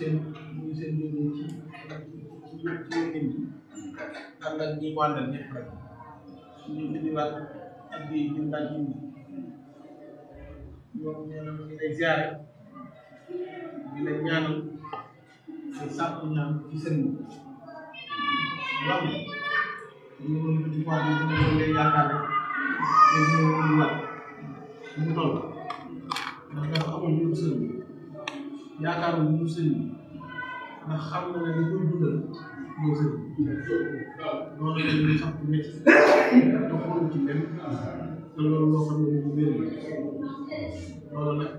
seen muy seen liggéey ci ci ci nit ñi ànd ak ñi ko àndal ñëpp rek ñu indiwaat ak bi ñu daan indi ñoom nee na ñu lay ziare di la ñaanal di di di yaakaaroon mu sëriñ bi ndax xam nga ne li koy dundal moo sëriñ bi loolu dañ koy xam ne ci xool ci dem te loolu loo xam ne moom wér la loolu nag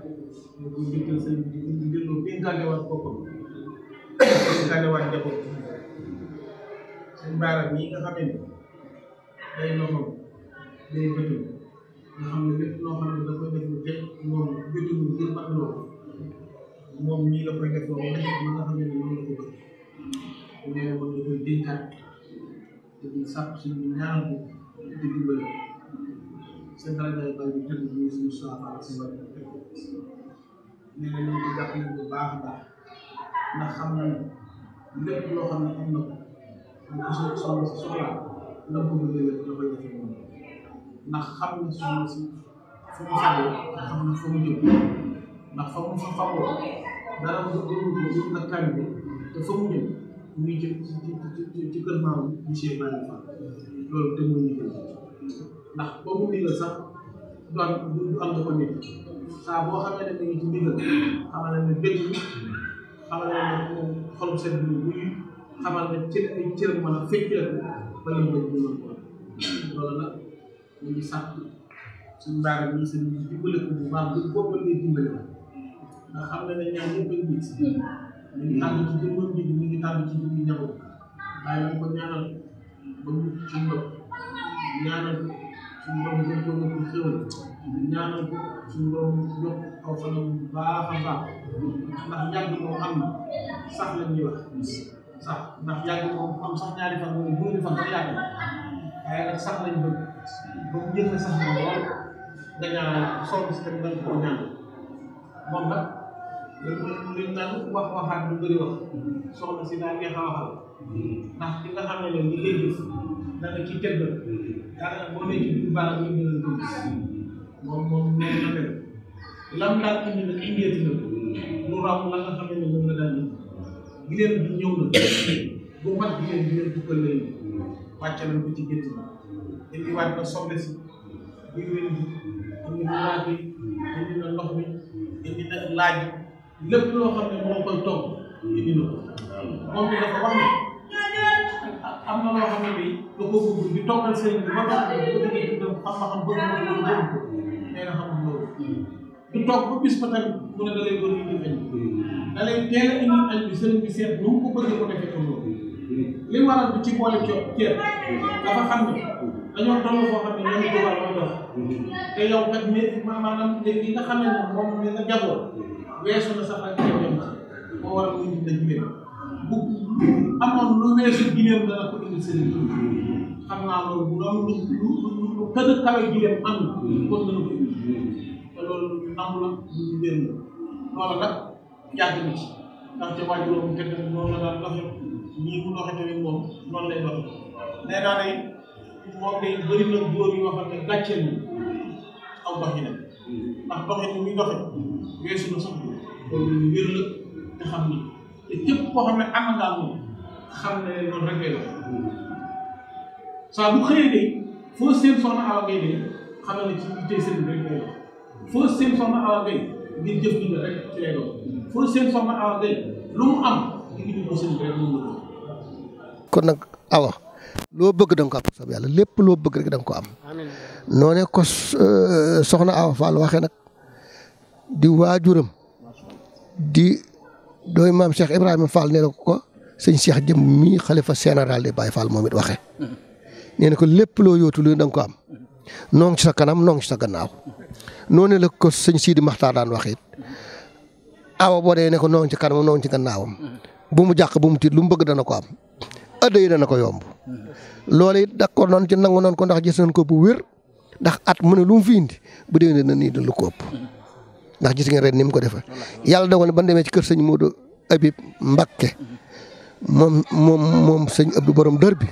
ñu koy jëkkal sëriñ bi di delloo dénkaane waat boppam dénkaane waat njaboot seen baaram yi nga xam ne day loxoom day bëtu nga xam ne lépp loo xam ne da koy def lu teg moom bëtu ngir mat loolu moom ñii la koy def ba nga xam ne moom la ko bëgg bu nee moom la koy dénkaat te di sàpp suñu ñaan ko te dimbale seen xarala bay bi tëdd ñu suñu soxla si wàllu nee na ñoom di jàppale bu baax a baax ndax xam na ne lépp loo xam ne am na ko bu ko soxla si soxla la ko bëgg lépp la koy def moom ndax xam na soxla si fu mu xam na fu mu jóg ndax fa mu fa xamoo dara du du na tànn te fa mu jëm muy jëm ci ci ci kër maamu monsieur Baye Fall loolu te muy ndigal ndax ba mu ndigal sax doon du am dafa nekk saa boo xamee ne dañu ci ndigal xamal ne bëgg xamal ne xol seen bu buy xamal ne cër ay cër mën a fekkee ba ñu bëgg ñu mën ko loolu nag ñu ngi sàkk suñu daara bi seen dimbale ko bu baax du boobal ngay dimbale nga xam ne dañ ñaan ñëpp a ngi si hmm. ñu ngi tàmm ci jëmmam ji ñu ngi tàmm ci jëmmi njaboot waaye ñu ko ñaanal ba mu ci mbëb ñaanal ko suñu borom gën ko nga ko xéwal ñaanal ko suñu borom yokk aw fanam bu baax a baax ndax yàgg moo am na sax la ñuy wax sax ndax yàgg moom am sax ñaari fan wala ñaari fan sax yàgg waaye nag sax lañ bëgg ba mu jël sax na lool dañaa sonn si tamit dañ koo ñaan moom nag luñ naan wax waxaat lu bëri wax soxna si daa neex waxal ndax ki nga xam ne ni ngay gis dana ci tëgg daanaka boo moom moom nee na mel lam daal indi nag indeeti na lu raw la nga xam ne moom la daal di leen bi ñëw bu mat bi leen bi leen dugal lay wàcc nañ ko ci gétt indi waat na soble si biir wér bi indi na laaj bi indi na ndox bi indi na laaj lépp loo xam ne moo koy togg indi na ko moom mi dafa wax ne am na loo xam ne bi da koo bëgg di toggal sëriñ bi ba ba dëgg dem xam-xam bëgg loolu bëgg ko nee na xamul loolu du toog ba bis ba tamit mu ne da lay doon indi añ da lay teel a indi añ bi sëriñ bi seet nu mu ko bëggee ko defee comme loolu li mu waral bi ci boole coow ceeb dafa xam ne dañoo toll foo xam ne ñoom tubaab mooy dox te yow kat mi maanaam léegi nga xam ne moom mi nga jagoo weesu na sax ak ñoom moo waral muy dina jiwee bu amoon lu weesu gineem dana ko indil seen xam naa loolu bu doon lu a am na kon dana ko indil te loolu ñu nangu la ñu leen la loolu nag yàgg na ci ndax mu doxe tamit moom noonu lay nee naa moom day bëri na góor yoo xam ne gàcceel ni aw dox ndax doxin muy doxee weesu na sax loolu lu wér la te xam ni te képp koo xam ne am ngaa moom xam ne loolu rek lay dox saa bu xëyee de foo seen soxna Awa Gueye de xamal ne ci yitte sëriñ rek lay dox foo seen soxna Awa Gueye ngir jëf ñu rek ci lay dox foo seen soxna Awa Gueye lu mu am ngir ñu ko sëriñ rek moom la kon nag awa loo bëgg da nga ko am sab yàlla lépp loo bëgg rek da nga ko am noo ne ko euh, soxna Awa Fall waxee nag di waajuram di dooy maam Cheikh Ibrahima Fall nee ko sëñ Cheikh jëm mii xalifa général de Baye Fall moom it waxee nee ko lépp loo yootu lu da ko am noo sa kanam noo sa gannaaw noo la ko sëñ Sidi Maxtaar daan wax it awa boo dee ne ko noo ngi ci kanam noo ngi ci gannaawam bu mu jàq bu mu tiit lu mu bëgg dana ko am ëddee dana ko yomb. loolu it d'accord noonu ci nangu noonu ko ndax gis nañ ko bu wér ndax at mu ne lu mu fi indi bu déwénee na nii dund ko ëpp ndax gis ngeen ren ni mu ko defee. yàlla dogal na ban demee ci kër sëñ Modou Habib Mbakke moom moom moom sëñ Abdou borom dër bi.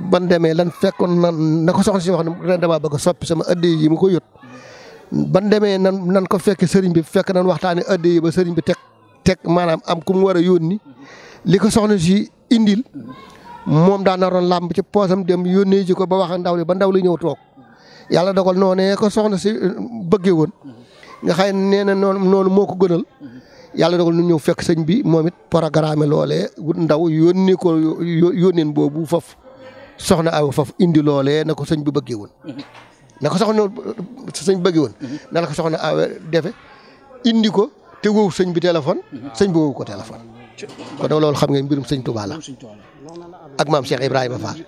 ban demee lan fekkoon na na ko soxna si wax ne ren damaa bëgg a soppi sama ëddee yi mu ko yót ban demee nan nan ko fekke sëriñ bi fekk nan waxtaanee ëddee yi ba sëriñ bi teg teg maanaam am ku mu war a yónni li ko soxna si indil moom daa naroon làmb ci poosam dem yónnee ji ko ba wax ak ndaw li ba ndaw li ñëw toog yàlla dogal noonee ko soxna si euh, bëggee woon nga xëy nee na noonu noonu moo ko gënal yàlla dogal nu ñëw fekk sëñ bi moom it programme loolee wut ndaw yónnee ko yónneen boobu foofu soxna aw foofu indi loole na ko sëñ bi bëggee woon. na ko soxna sëñ soxna aw defe indi ko te woowu sëñ bi téléphone. sëñ bi woowu ko téléphone. kon loolu xam ngeen mbirum sëñ Tuubaa la. ak mam Cheikh Ibrahima Fall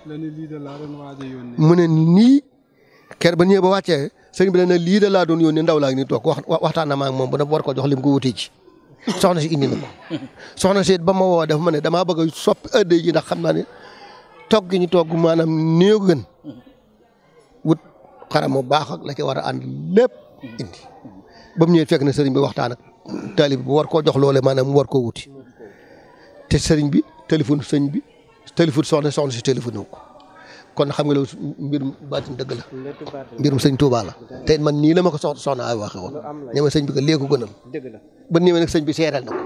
mune ni ker ba ñe ba wacce sëñ bi ne li da la doon yoni ndaw la ni tok waxtaan na ma ak bu na war ko jox lim ko wuti ci soxna si indi na ko soxna si ba ma wo dafa mané dama bëgg sopp ëdë yi ndax xamna ni tok gi ñu tok manam neew gën wut xaramu baax ak la ci war and lepp indi bam ñe fekk na sëriñ bi waxtaan ak talib bu war ko jox lolé manam mu war ko wuti te sëriñ bi téléphone sëñ bi. téléphone soxna soxna si téléphone wu kon xam nga loolu mbirum baatin dëgg la mbirum sëñ Touba la te man nii la ma ko soxna soxna ay waxee woon ne ma sëñ bi ko léegi gënal ba nii ma nag sëñ bi seereel na ko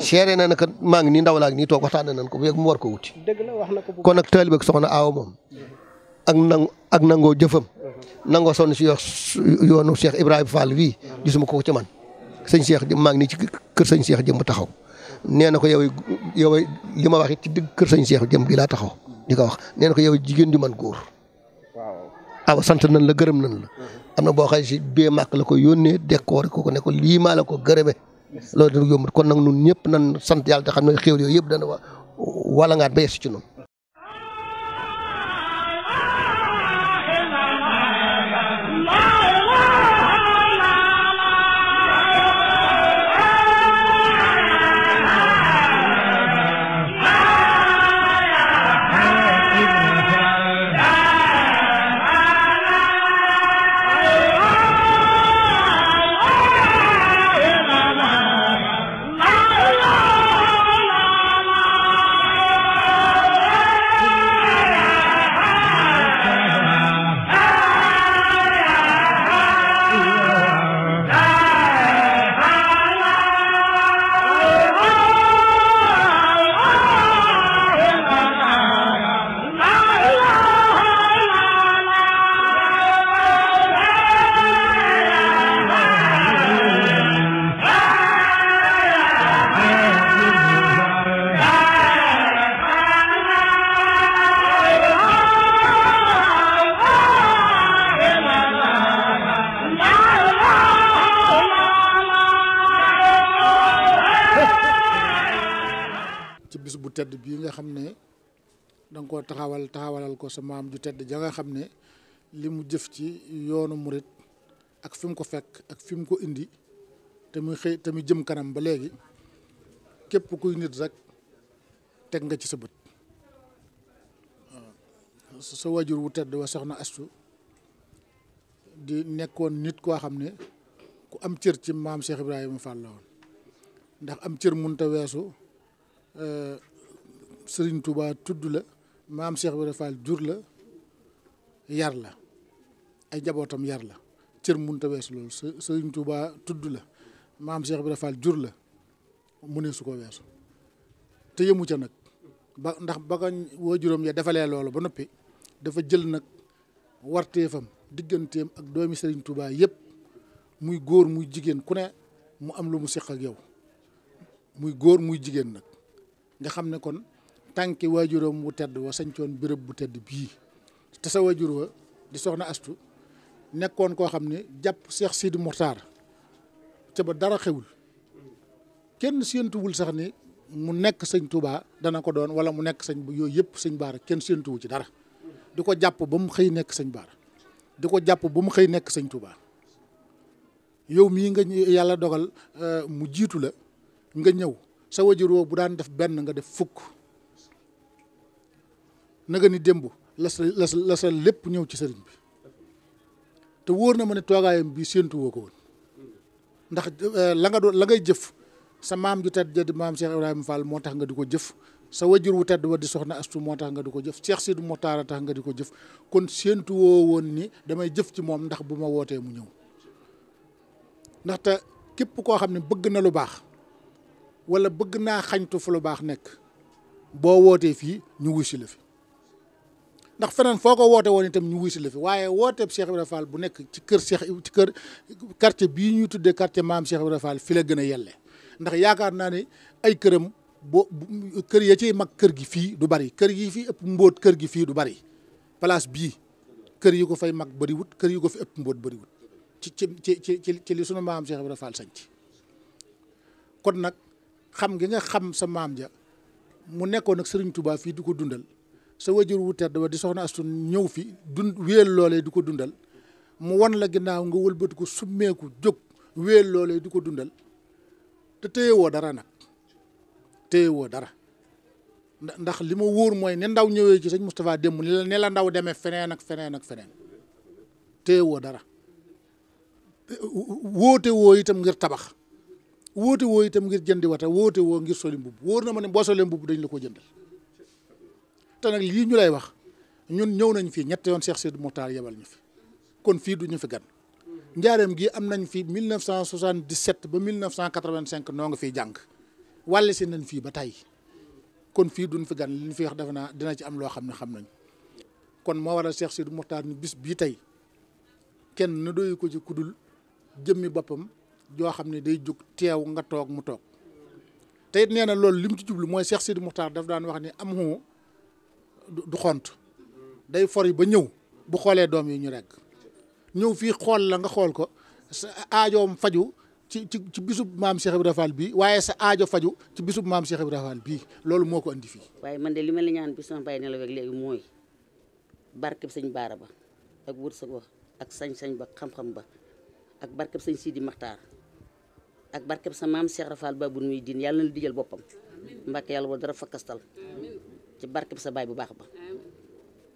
seeree na nag maa ngi nii ndaw laa ngi nii toog waxtaan nañ ko bu yegg mu war ko wuti kon nag taalibe ak soxna aaw moom ak nangu ak nangoo jëfam nangoo sonn si yoonu Cheikh Ibrahima Fall wii gisuma ko ci man sëñ Cheikh jëm maa ngi nii ci kër sëñ Cheikh jëm taxaw nee na ko yow yow li ma wax it ci digg kër sëñ Cheikh jëm bi laa taxaw di ko wax nee ko yow jigéen di man góor. waaw sant nañ la gërëm nañ la. Mm-hmm. am na boo xam si bee màkk la ko yónnee décor ko ko ne ko lii maa la ko gërëme. loolu dina yomb kon nag ñun ñëpp nan sant yàlla te xam ne xéwal yooyu yëpp dana wa wala ngaat ba yegsi ci noonu. da nga taxawal taxawalal ko sa maam ju tedd janga xam ne li mu jëf ci yoonu murit ak fi ko fekk ak fi mu ko indi te muy xëy te muy jëm kanam ba léegi képp kuy nit rek teg nga ci sa bët sa wajur wu tedd wa soxna astu di nekkoon nit koo xam ne ku am cër ci maam Cheikh Ibrahima Fall la woon ndax am cër munta weesu eh, Sëriñ Tuubaa tudd la maam Cheikh Ibra Fall jur la yar la ay njabootam yar la cër mënut a weesu loolu Sëriñ Tuubaa tudd la maam Cheikh bi Fall jur la mu ne su ko weesu te yëmu ca nag ba ndax ba ko waajuram ya defalee loolu ba noppi dafa jël nag warteefam digganteem ak doomi Sëriñ Tuubaa yëpp muy góor muy jigéen ku ne mu am lu mu seq ak yow muy góor muy jigéen nag nga xam ne kon tànki waajuram wu tedd wa sañcoon béréb bu tedd bii te sa waajur wa di soxna astu nekkoon koo xam ne jàpp Cheikh Sidi Mokhtar ca ba dara xewul kenn séentuwul sax ni mu nekk sëñ Touba dana ko doon wala mu nekk sëñ yooyu yëpp sëñ Baara kenn séentuwu ci dara di ko jàpp ba mu xëy nekk sañ Baara di ko jàpp ba mu xëy nekk sëñ yow mii nga yàlla dogal euh, mu jiitu la nga ñëw sa wajur woo bu daan def benn nga def fukk naga ni démb la sa la sa lépp ñëw ci sëriñ bi te wóor na ma ne toogaayam bi séentu ko woon ndax euh, la nga doon la ngay jëf sa maam ju tedd di maam Cheikh Ibrahima Fall moo tax nga di ko jëf sa wajur wu tedd wa di soxna astu moo tax nga di ko jëf Cheikh Sidou Mokhtar taara tax nga di ko jëf kon séentu woon ni damay jëf ci moom ndax bu ma wootee mu ñëw ndaxte képp koo xam ne bëgg na lu baax wala bëgg naa xañtu fu lu baax nekk boo wootee fii ñu wusi la fi ndax feneen foo ko woote woon itam ñu wuy si la fi waaye wooteeb Cheikh Ibrahima Fall bu nekk ci kër Cheikh ci kër quartier bii ñuy tuddee quartier maam Cheikh Ibrahima Fall fi la gën a yelle ndax yaakaar naa ne ay këram boo kër ya ciy mag kër gi fii du bari kër yi fii ëpp mboot kër gi fii du bari place bii kër yi ko fay mag bëriwut kër yi ko fi ëpp mbóot bëriwut ci ci ci ci ci li sunu maam Cheikh Ibrahima Fall sañ ci kon nag xam gi nga xam sa maam ja mu nekkoon nag sëriñ tubaa fii du ko dundal. sa wajur wu tedd ba di soxna astu ñëw fi dund wéel loole du ko dundal mu wan la ginnaaw nga wëlbati ko summeeku jóg wéel loolee du ko dundal te woo dara nag woo dara ndax li ma wóor mooy ne ndaw ñëwee ci sëñ dem démb ne la ndaw demee feneen ak feneen ak feneen téyewoo dara wóote woo itam ngir tabax wóote woo itam ngir jëndi wata woote woo ngir soli mbubb wóor na ma ne boo solee mbubb dañ la ko jëndal te nag lii ñu lay wax ñun ñëw nañ fii ñett yoon Cheikh Sidi Moukhtar yebal ñu fi kon fii du ñu fi gan njaareem gi am nañ fi 1977 ba 1985 noo nga fiy jàng wàll si nañ fii ba tey kon fii duñ fi gan li ñu fi defe naa dina ci am loo xam ne xam nañ kon moo war a Cheikh Sidi Moukhtar ni bis bii tey kenn na doyu ko ci kudul jëmmi boppam joo xam ne day jóg teew nga toog mu toog te it nee na loolu li mu ci jublu mooy Cheikh Sidi Moukhtar daf daan wax ni am du xont day fori ba ñew bu xolé doom yi ñu reg ñew fi xol la nga xol ko sa aajoom faju ci ci bisub maam Cheikh ibrahim Fall bi waye sa aajo faju ci bisub maam Cheikh ibrahim Fall bi loolu moko andi fi waye man de li ma la ñaan bi sama bàyyi ne la wek legi moy barke sëñ bara ba ak wërsëg ba ak sañ-sañ ba xam-xam ba ak barke sëñ Sidi Maxtaar ak barke sa maam Cheikh Rafal bu muy din yalla na digel bopam mbacke yalla yàlla dara dara fakkastal ci barke bi sa baay bu baax ba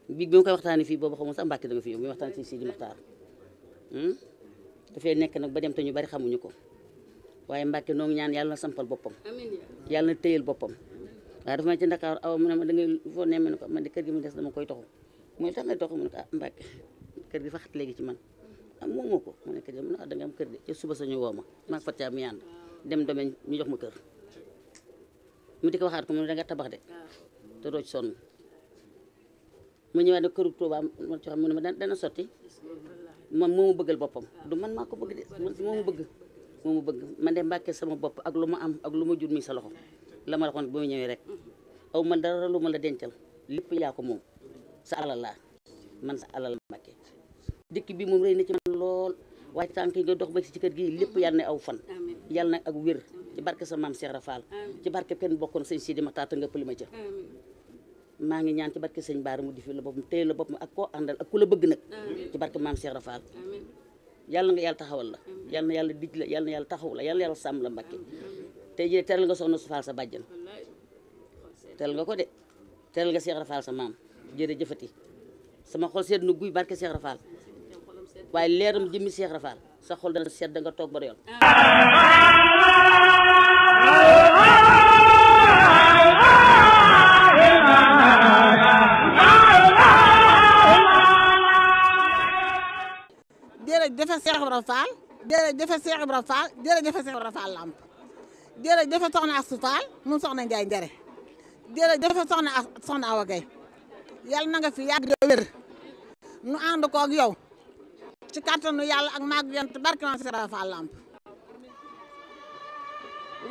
bi bi ma koy waxtaanee fii boobu xamul sax Mbàkke da nga fi yow mi waxtaan si Sidi Maxtaar hmm? dafay nekk nag ba dem te ñu bari xamuñu ko waaye Mbàkke noo ñaan yàlla na sampal boppam yàlla na téyal boppam waaye dafa ma ci Ndakaar aw mu ne ma da ngay foo ne ma ne ko man di kër gi mu des dama koy toxu mooy tax ngay ah, kër gi faxat léegi ci man ah moomoo ko mu ne kër gi ah, am kër de ca suba ñu woo ma maa Fatia mi ànd dem domaine ñu jox ma kër mu di tabax de te son ci sonn ma ñëwaat ne këru Touba ma ci xam mu ne ma dana sotti moom moo ma bëggal boppam du man maa ko bëgg de moo ma bëgg moo ma bëgg man de mbàkkee sama bopp ak lu ma am ak lu ma jur mi sa loxo la ma bu ma rek aw ma dara lu la dencal lépp yaa ko moom sa alal laa man sa alal mbàkkee dëkk bi moom rëy ci man lool waaye tànk nga dox ba ci kër gi lépp yàlla na aw fan yal na ak wér ci barke sa maam Cheikh Rafal ci barke kenn bokkoon sëñ Sidi ma nga pël ma ca maa ngi ñaan ci barke sëñ Baara mu difi la boppam téye la boppam ak ko àndal ak ku la bëgg nag ci barke maam Cheikh Rafal yàlla nga yàlla taxawal la yàlla na yàlla dij la yàlla taxaw la yàlla na yàlla la Mbàkke tey jii teral nga soxna su Faal sa bàjjan teral nga ko de teral nga Cheikh Rafal sa maam jëfati sama xol sedd na guy barke Cheikh Rafal waaye leeram jëmmi Cheikh Rafal sa xol dana sedd nga toog ba doyal jërëjëf Seex Ibra Faal jërëjëf Seex Ibra Faal jërëjëf Seex Ibra Faal Lamp jërëjëf soxna Astu Faal moom soxna Njaay Njare jërëjëf soxna soxna Awa Gaye yàlla na nga fi yàgg de wér nu ànd ko ak yow ci kàttanu yàlla ak maag yonent barke Maam Seex Ibra Faal Lamp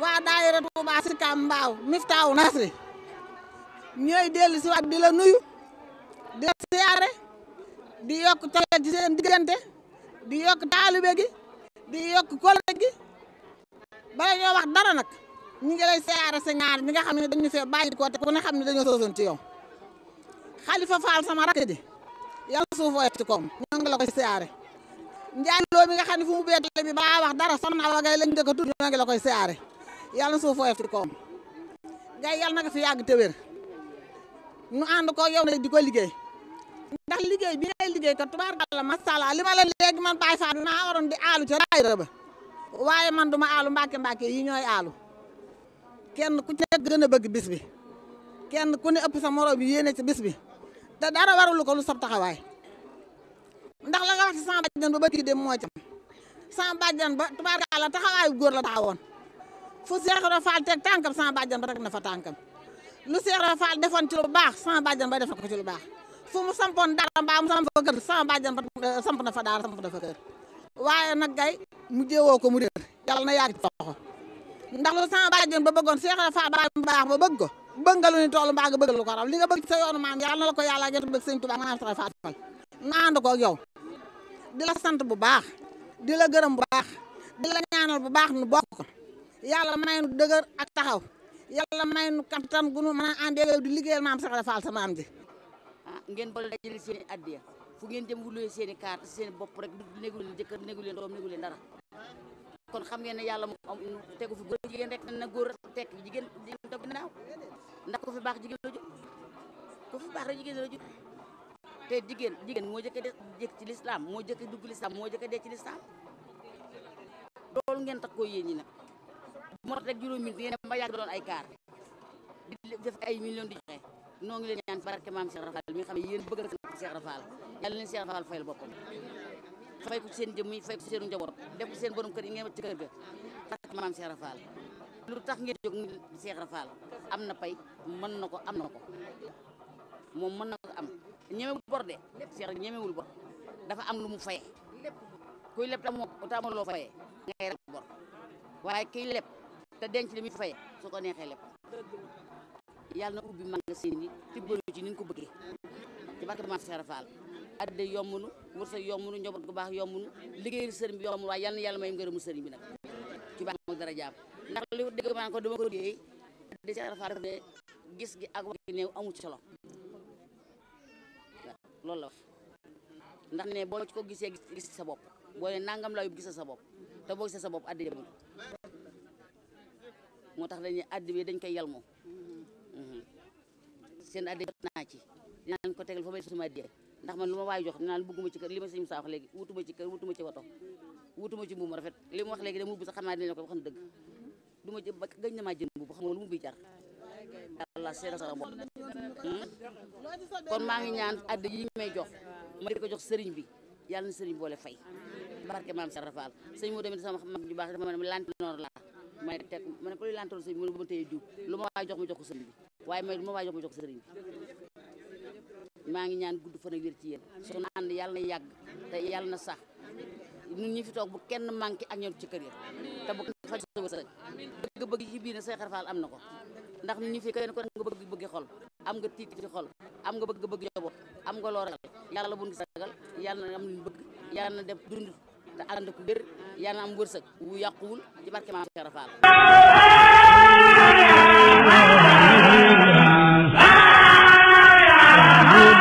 waa daayira Tuubaa Sicap Mbao Miftaahu Nasri ñooy dellu si waat di la nuyu di la siyaare di yokk cofeel ci seen diggante di yokk taalibe gi di yokk kóllëre gi bala ñoo wax dara nag ñu ngi lay siyaare sa ñaar ñi nga xam ne dañu fee bàyyi ko te ku ne xam ne dañoo soosoon ci yow Xalifa Faal sama rakk ji yàlla suuf woyof ci koom ñoo ngi la koy siyaare Njaay Loo mi nga xam ne fu mu beetale mi wax dara soxna Awa Gaye lañ dëkk tudd ñoo ngi la koy siyaare yàlla suuf woyof ci koom gay yàlla na nga fi yàgg te wér ñu ànd ko yow nag di ko liggéey ndax liggéey bi liggéey kat tubaarkàlla masàllaa li ma la léegi man Baye Fall naa waroon di aalu ca daayira ba waaye man duma aalu mbàkke mbàkke yi ñooy aalu kenn ku ci nekk gën bëgg bis bi kenn ku ne ëpp sa morom bi yéene ci bis bi te dara warulu ko lu sab taxawaay ndax la nga wax ci sama bàjjan ba ba kii dem moo ci sama bàjjan ba tubaarkàlla taxawaayu góor la taxawoon fu Seex Ibra Faal teg tànkam sama bàjjan ba teg na fa tànkam lu Seex Ibra Faal defoon ci lu baax sama bàjjan ba def ko ci lu baax fu mu sampoon dara mbaa mu samp fa kër sama bàjjan euh, samp na fa daara samp na fa kër waaye nag gay mu jéewoo ko mu réer yàlla na yàgg toxo ndax lu sama bàjjan ba bëggoon seexal faa baax ba bëgg ko bëggalu ni toolu mbaa nga bëgg lu ko raw li nga bëgg sa yoonu maam yàlla na la ko yàlla gën bëgg sëñ Tuubaa nga naan sax faa fal na ànd ko yow di la sant bu baax di la gërëm bu baax di la ñaanal bu baax nu bokk ko yàlla may nu dëgër ak taxaw yàlla may nu kattan gu nu mën a àndee yow di liggéeyal maam sax faal sa maam ji ngeen bal dajale seen i addiya fu ngeen jëm wulee seeni i carte seen bopp rek du néegu leen jëkkër néegu leen doom néegu leen dara kon xam ngeen ne yàlla moom am tegu fi góor jigéen rek na góor tekk jigéen jigéen toog ginnaaw ndax ku fi baax jigéen la jur ku fi baax rek jigéen la jur moo jëkk a jëkk ci lislaam moo jëkk a dugg lislaam moo jëkk a dee ci lislaam loolu ngeen tax koo yéen ñi nag moo tax rek juróomi minute ngeen ba yàgg doon ay kaar di def ay million di joxe noo leen barke maam Cheikh Rafal mi nga xam ne yéen bëgg na Cheikh Rafal yàlla leen Cheikh boppam fay ko seen jëmm yi fay ko seen njaboot def ko seen borom kër yi ngeen ci kër ga barke maam Cheikh Rafal lu tax ngeen jóg ni Cheikh am na pay mën na ko am na ko mën na ko am ñemewul bor de Cheikh ñemewul dafa am lu mu faye kuy leb tam moo tam loo faye ngay rek bor waaye kiy leb te denc li muy faye su ko neexee leb yàlla na ubbi magasin yi tibbalu ci ni nga ko bëggee ci barke Maam Seera Fall adde yombunu wërsëg yombunu njaboot gu baax yombunu liggéeyal sëriñ bi yombunu waaye yàlla yàlla may ngërëmu sëriñ bi nag ci baax moom dara jaam ndax li dégg maa ko dama gis gi ak wax gi néew amu ci solo loolu la wax ndax ne boo ci ko gisee gis sa bopp boo ne nangam laa yóbbu gis sa bopp te boo gisee sa bopp adde moo tax dañuy adde bi dañ koy yalmoo seen addi jot naa ci dinaa ko tegal fa bay suma addi ndax man lu ma waay jox dinaa bëgguma ci kër li ma sëñ saa wax léegi wutuma ci kër wutuma ci woto wutuma ci mbuum rafet li mu wax la ko wax na ma jë ba gëj na maa jënd mbuub xam nga lu mu bi jar sama bopp hmm? kon ngi ñaan addi yi ma di ko jox sëriñ bi yàlla na sëriñ boole fay barke maam Cheikh Rafal sëñ moo demee sama mag ju baax ma ne lantinoor laa may teg ma ne ko luy lantinoor sëñ bi mu ne ba ma tëye diw lu ma waay jox ma jox ko sëriñ bi waaye mooy lu ma waajoo ma jox sëriñ bi maa ngi ñaan gudd fan ak wér ci yéen na ànd yàlla na yàgg te yàlla na sax ñun ñi fi toog bu kenn manqué ak ñoom ci kër ya te bu kenn faj sa wërsëg bëgg-bëgg ci biir ne am na ko ndax ñu fi kenn ko nga bëgg bëgg xol am nga tiit ci xol am nga bëgg bëgg njaboot am nga loo ragal yàlla bu ñu gis ragal na am lu ñu bëgg yàlla na def dund te ànd ku wér yàlla na am wërsëg wu yàquwul ci barke maam Cheikh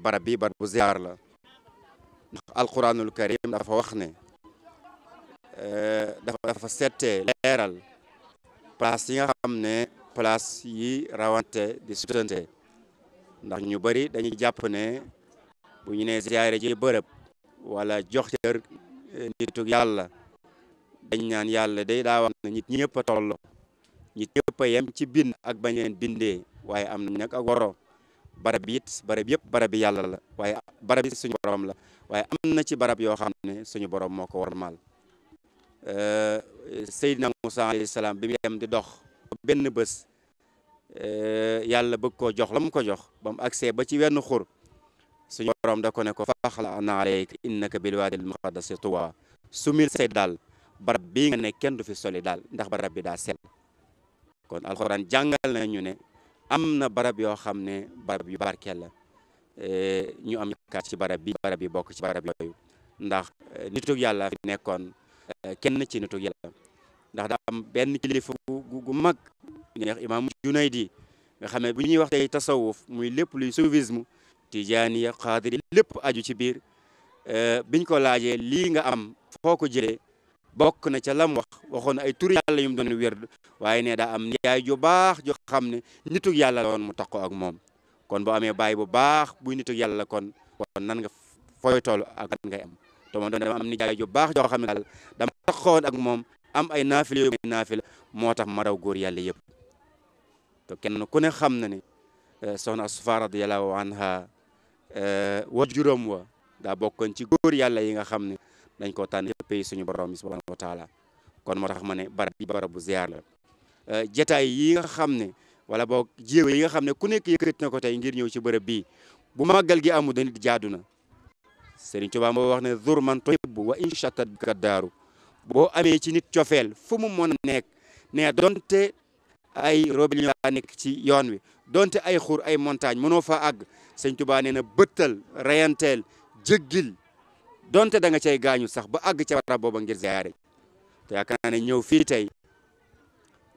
barab bi barab bu ziyaar la ndax alquranul karim dafa wax ne eh, dafa dafa settee leeral place yi nga xam ne place yi rawante di sutante ndax ñu bari dañuy jàpp ne bu ñu ne ziyaare ji bërëb wala jox cër eh, yàlla dañ ñaan yàlla day daa wax ne nit ñëpp a tolloo nit ñëpp yem ci bind ak bañ leen bindee waaye am nañ ak woro barab bi it barab yëpp barab bi yàlla la waaye barab yi suñu borom la waaye am na ci barab yoo xam ne suñu borom moo ko warmaal euh, Seydina Moussa alayhi salaam bi mu dem di dox benn bës euh, yàlla bëgg koo jox la mu ko jox ba mu agsee ba ci wenn xur suñu borom da ko ne ko faxla na aleyka innaka bil waadil muqaddasi tuwa sumil say daal barab bii nga ne kenn du fi soli daal ndax barab bi daa sell kon alxuraan na ñu ne am na barab yoo xam ne barab yu barkeel la eh, ñu am yaakaar ci barab bi barab yi bokk ci barab yooyu ndax eh, nitug yàlla fi nekkoon eh, kenn ci nitug yàlla ndax daa am benn kilifa gu mag neex imaam Junaydi nga xam ne bu ñuy wax tey tasawuf muy lépp luy soufisme tijaaniya xaadiri lépp aju ci biir biñ ko laajee lii nga am foo ko jëlee bokk na ca lam wax waxoon ay turi yàlla yu doon doon wérd waaye nee daa am yaay ju baax joo xam ne nitug yàlla la woon mu taqoo ak moom kon boo amee baay bu baax buy nitug yàlla la kon kon nan nga fooy toll ak lan ngay am te moom dama am ni yaay ju baax joo xam ne daal dama taqoon ak moom am ay naafila yu may moo tax ma raw góor yàlla yëpp te kenn ku ne xam na ne eh, soxna Asfa radiyallahu anha eh, wajuram wa daa bokkoon ci góor yàlla yi nga xam ne dañ koo tànn pays suñu borom bi subhanahu wa taala kon moo tax ma ne bara bi barab bu ziar la euh, jataay yi nga xam ne wala boo jéego yi nga xam ne ku nekk yëkkati na ko tey ngir ñëw ci bërëb bii bu màggal gi amu danit jaadu na Sëriñ Tuubaa moo wax ne zur man tuhibbu wa inchatat bika daaru boo amee ci nit cofeel fu mu mën a nekk ne donte ay robinet yaa nekk ci yoon wi donte ay xur ay montagne mënoo fa àgg Sëriñ Tuubaa nee na bëttal reyanteel jéggil donte da nga cay gaañu sax ba àgg ca barab booba ngir ziyaare te yaakaar naa ne ñëw fii tey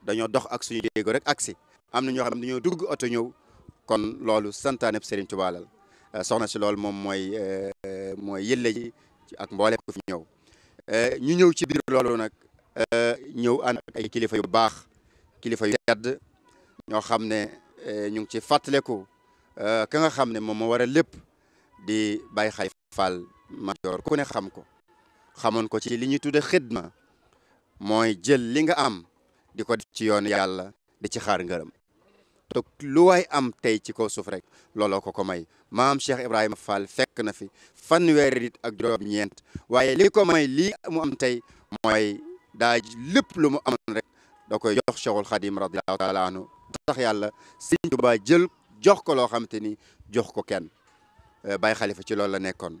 dañoo dox ak suñu déego rek agsi am na ñoo xam ne dañoo dugg oto ñëw kon loolu santaaneb Serigne Touba euh, soxna si loolu moom mooy euh, mooy yëlle ji ak mboole ko fi euh, ñu ñëw ci biir loolu nag ñëw ànd ak kilifa yu baax kilifa yu tedd ñoo xam ne ñu ngi ci fàttaleku ka nga xam ne moom moo war lépp di Baye Xalifa Fall majoor ku ne xam ko xamoon ko ci li ñuy tudde xidma mooy jël li nga am di ko def ci yoon yàlla di ci xaar ngërëm te lu waay am tey ci kaw suuf rek looloo ko ko may maam Cheikh Ibrahima Fall fekk na fi fanweeri nit ak juróom-ñeent waaye li ko may lii mu am tey mooy daa lépp lu mu amoon rek da koy jox Cheikhul Khadim radiyallahu taala anhu tax yàlla Sëriñ Tuubaa jël jox ko loo xam te ni jox ko kenn eh, Baye xalifa ci loolu la nekkoon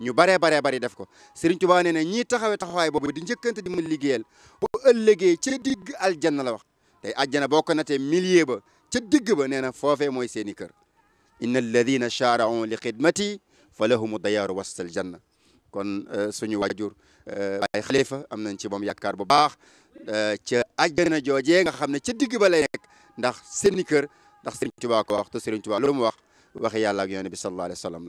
ñu bare bare bare def ko Serigne Touba neena ñi taxawé taxaway bobu di njëkkante di mu liggéeyal bu ëllëgé ci digg aljanna la wax tay aljanna bokk na té milier ba ci digg ba neena fofé moy seeni kër innal ladhina chaaraun li khidmati falahum lahumu dayaaru wastal janna kon suñu wajur ay khalifa am nañ ci moom yakkar bu baax ci aljanna jojé nga xamné ci digg ba lay nek ndax seeni kër ndax Serigne Touba ko wax to Serigne Touba lu mu wax waxi yàlla ak yoni bi sallallahu alayhi wasallam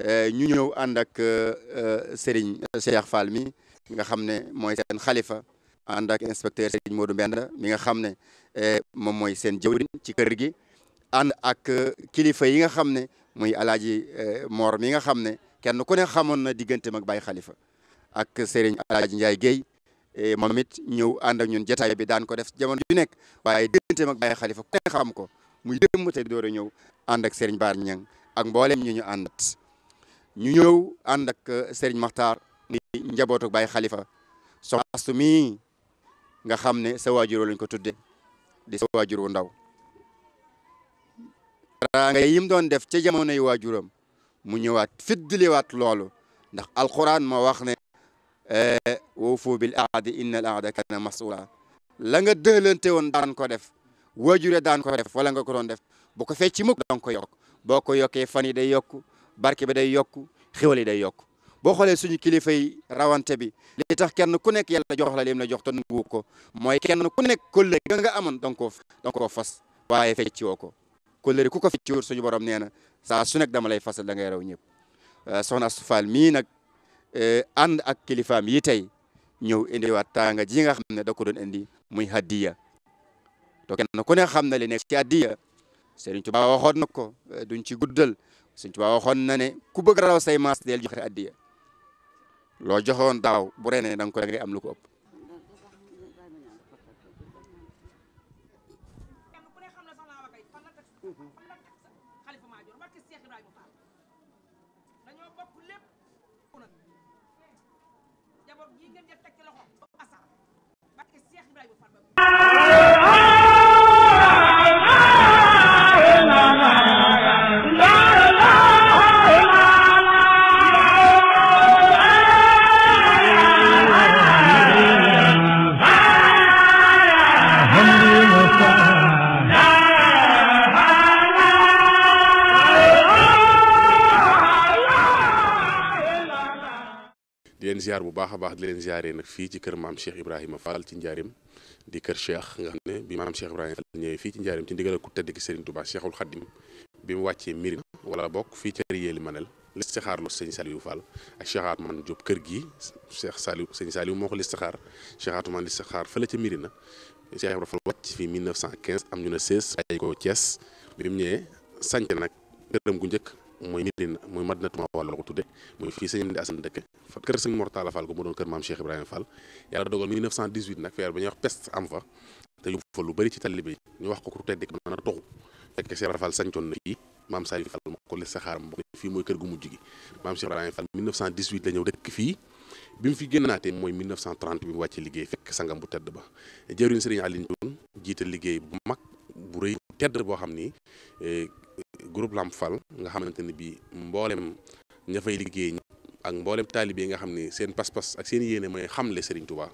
Euh, ñu ñëw ànd ak euh, Serigne Cheikh Fall mi nga xam ne mooy seen xalifa ànd ak inspecteur Serigne Modou Mbenda mi nga xam ne euh, moom mooy seen jëwriñ ci kër gi ànd ak kilifa yi nga xam ne muy alaaji Mor mi nga xam ne kenn ku ne xamoon na digganteem mak Baye xalifa ak Serigne alaaji Ndiaye Guèye moom it ñëw ànd ak ñun jotaay bi daan ko def jamono yu nekk waaye digganteem ak Baye Khalifa ku ne xam ko muy démb te door a ñëw ànd ak Serigne Baar Niang ak mboolem ñu ñu àndat ñu ñëw ànd ak euh, Serigne Makhtar di njabootu Baye Khalifa soxna Astu mii nga xam ne sa waajur lañ ko tuddee di sa waajur wu ndaw teraanga yim doon def cee jamonoy waajuram mu ñëwaat fiddliwaat loolu ndax alquran moo wax ne euh, woofu bil aadi inna al aada kana masula la nga dëlante woon daan ko def waajure daan ko def wala nga ko doon def bu ko fecci mukk ko yokk boo ko yokkee fan yi day yokku barke bi day yokk xéwal yi day yokk boo xoolee suñu kilifa yi rawante bi li tax kenn ku nekk yàlla jox la lim la jox te nangu ko mooy kenn ku nekk kóllëre ga nga amoon danga koo fas waaye fecci woo ko kóllëre ku ko fecci wóor suñu borom nee na saa su dama lay fasal da ngay raw ñëpp euh, soxna Astou Fall mii nag euh, ànd ak kilifaam yi tey ñëw indiwaat tànga ji nga xam ne da ko doon indi muy hadiya to kenn ku ne xam na li nekk ci hadiya Serigne Touba waxoon na ko euh, duñ ci guddal Sëñ Tuubaa waxoon na ne ku bëgg raw say maas deel joxe addiya loo joxoon daaw bu renee da nga am lu ko ëpp leen ziar bu baax a baax di leen ziaree nag fii ci kër maam Cheikh Ibrahima Fall ci njaarim di kër Cheikh nga xam ne bi maam Cheikh Ibrahima Fall ñëwee fii ci njaarim ci ndigal ku tedd ki Serigne Touba Cheikhul Khadim bi mu wàccee Mirina wala bokk fii ci Riyeeli Manel listixaar loo sëñ Saliou Fall ak Cheikh Atman Diop kër gi Cheikh Saliou sëñ Saliou moo ko listixaar Cheikh Atman fële ca Mirina Cheikh Ibrahima Fall wàcc fii 1915 am ñu ne 16 ay ko Thiès bi mu ñëwee sànc nag këram gu njëkk muy Medina muy Madinatu Mawal la ko tudde muy fii sëñ Amdi Asan dëkk fa kër sëñ Mor Talla Fall ko mu doon kër maam Cheikh Ibrahima Fall yàlla dogal nag feer ba ñuy wax peste am fa te yóbbu fa lu bëri ci talibé ñu wax ko ku tedd dik mën a moo ko les saxaaram bokk fii mooy kër gu mujj gi maam Cheikh Ibrahima Fall 1918 la ñëw dëkk fii bi mu fi génnaatee mooy 1930 bi mu wàccee liggéey fekk sangam bu tedd ba jëriñ Serigne Alioune Thioune jiite liggéey bu mag bu rëy groupe Lamp Fall nga xamante ni bii mboolem ña fay liggéey ak mboolem taalibe yi nga xam ne seen pas-pas ak seen yéene mooy xamle Serigne Touba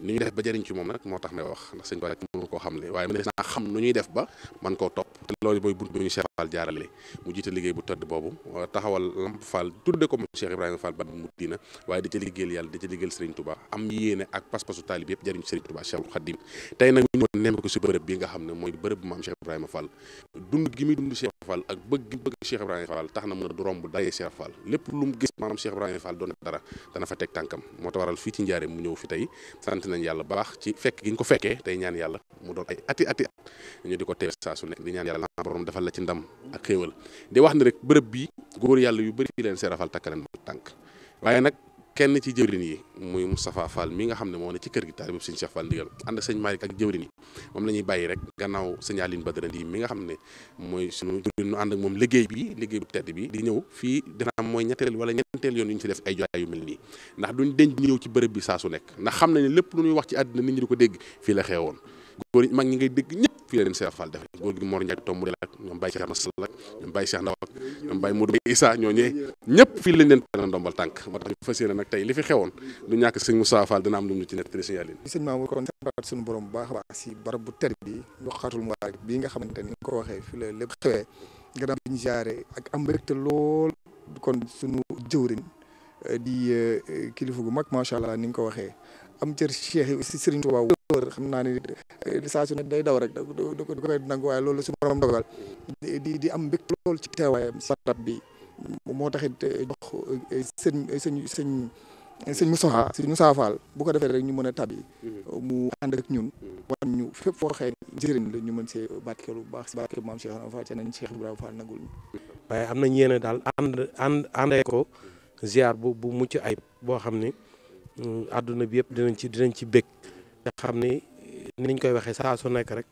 ni ñu def ba jëriñ ci moom nag moo tax may wax ndax sëñ Tuubaa mënu koo xam le waaye mënees naa xam nu ñuy def ba man koo topp te loolu mooy bunt bi mu bu tëdd boobu taxawal Lamp Fall tudde ko mu Cheikh ba mu diina waaye di ca liggéeyal yàlla di ca liggéeyal Serigne Touba am yéene ak pas-pasu taalib yëpp jëriñ ci Serigne Touba Cheikh bi nga xam ne mooy bërëb bu maam Cheikh Ibrahima Fall dund gi muy dund Cheikh Fall ak bëgg gi bëgg a Ibrahima tax na mën a du romb dayee Cheikh Fall lépp lu mu gis maanaam Cheikh Ibrahima Fall doon dara dana fa teg tànkam moo tax waral fii ci njaare mu ñëw fi tey sant nañ yàlla baax ci fekk gi ñu ko fekkee tey ñaan yàlla mu doon ay ati ati ñu di ko teew saa su nekk di ñaan yàlla borom defal la ci ndam ak xéewal di wax na rek bërëb bi góor yàlla yu bëri leen seerafal takk leen tànk waaye nag kenn ci jëwrin yi muy Moustapha Fall mi nga xam ne moo ne ci kër gi taalibu sëñ Cheikh Fall ndigal ànd ak sëñ Malick ak jëwrin yi moom la ñuy bàyyi rek gannaaw sëñ Aline Badara mi nga xam ne mooy suñu jëwrin ñu moom liggéey bi liggéey bu tedd bi di ñëw fii am mooy ñetteel wala ñeenteel yoon yu ñu fi def ay jotaay yu mel nii ndax duñ denc di ñëw ci bërëb bi saa su nekk ndax xam ne lépp lu ñuy wax ci àddina nit ñi di ko dégg fii la xewoon góor fii la leen Cheikh Fall def góor gi Mor Ndiaye tomb ñoom Baye Cheikh Massal ñoom Baye Cheikh Ndaw ñoom Baye Modou Baye Issa ñoo ñee ñëpp fii lañ leen tànn ndombal tànk moo tax ñu fas yéene li fi xewoon du ñàkk sëñ Moussa Fall dina am lu ñu ci nekk sëñ Yàlla sëñ Mamour kon santaat suñu borom bu baax a baax si barab bu ter bi waxaatul mu waar ko waxee fi la lépp xewee lool kon suñu jëwriñ eh, di eh, kilifa gu mag macha ni nga ko waxee am cër cheikh si Serigne Touba wër xam naa ni eh, saa su ne day daw rek da ko da koy nangu waaye loolu su borom dogal di di am mbég loolu ci teewaayam si barab bi moo taxit eh, jox eh, sëñ sëñ sëñ sëñ sëñ Moussa Fall bu ko defee rek ñu mën a tabbi mm-hmm. mu ànd ak ñun wan ñu fépp foo xëy njëriñ la ñu mën see barkeel baax si barkeel maam Cheikh Ibrahima nañ Cheikh Ibrahima Fall nagul ñu waaye am nañ yéene daal ànd ànd ko ziar bu bu mucc ayib boo xam ni Mm, àdduna bi yëpp dinañ ci dinañ ci bég te xam ni niñ koy waxee saa su nekk rek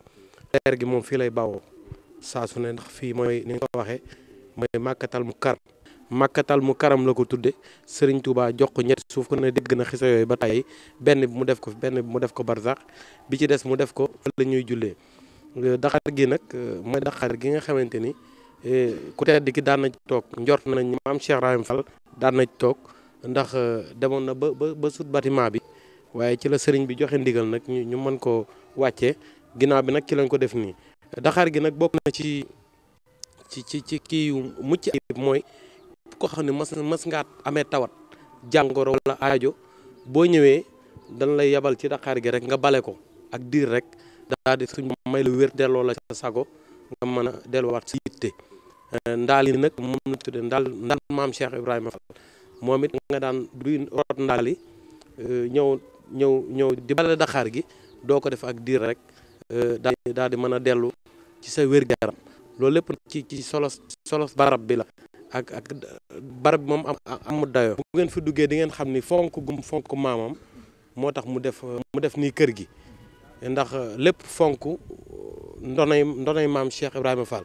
leer gi moom fii lay bawoo saa su ne ndax fii mooy ni nga ko waxee mooy màkkatal mu karam màkkatal mu karam la ko tuddee sëriñ Touba jox ko ñetti suuf ko ne dégg na xisa yooyu ba tey benn bi mu def ko benn bi mu def ko barsax bi ci des mu def ko la ñuy jullee daxar gi nag euh, ma daxar gi nga xamante ni euh, ku tedd ki daan na toog njort na nañ maam Cheikh Rahim Fall daan na toog ndax euh, demon na ba ba ba sut bâtiment bi waye ci la serigne bi joxe ndigal nak ñu mën ko wàcce ginaaw bi nak ci lañ ko def ni dakar gi nak bok na ci ci ci ci ki yu mucc moy ko xam mas mas nga amé tawat jangoro wala aajo bo ñëwee dañ lay yabal ci dakar gi rek nga balé ko ak dir rek daal di suñu may lu wër delloo la sago nga mëna a wat ci yitté euh, ndal yi nak moom ndal maam Cheikh Ibrahima momit nga dan buy rot ndali euh, ñew ñew ñew di bale daxaar gi do ko def ak dir rek euh, daal di daal di mën ci sa wër garam lepp ci ci solos solos barab bi la ak ak barab mom moom am dayo bu ngeen fi duggé di ngeen xam ni gum fonku mamam motax mu def mu def ni kër gi ndax euh, lepp fonku ndonay ndonay mam Cheikh Ibrahima Fall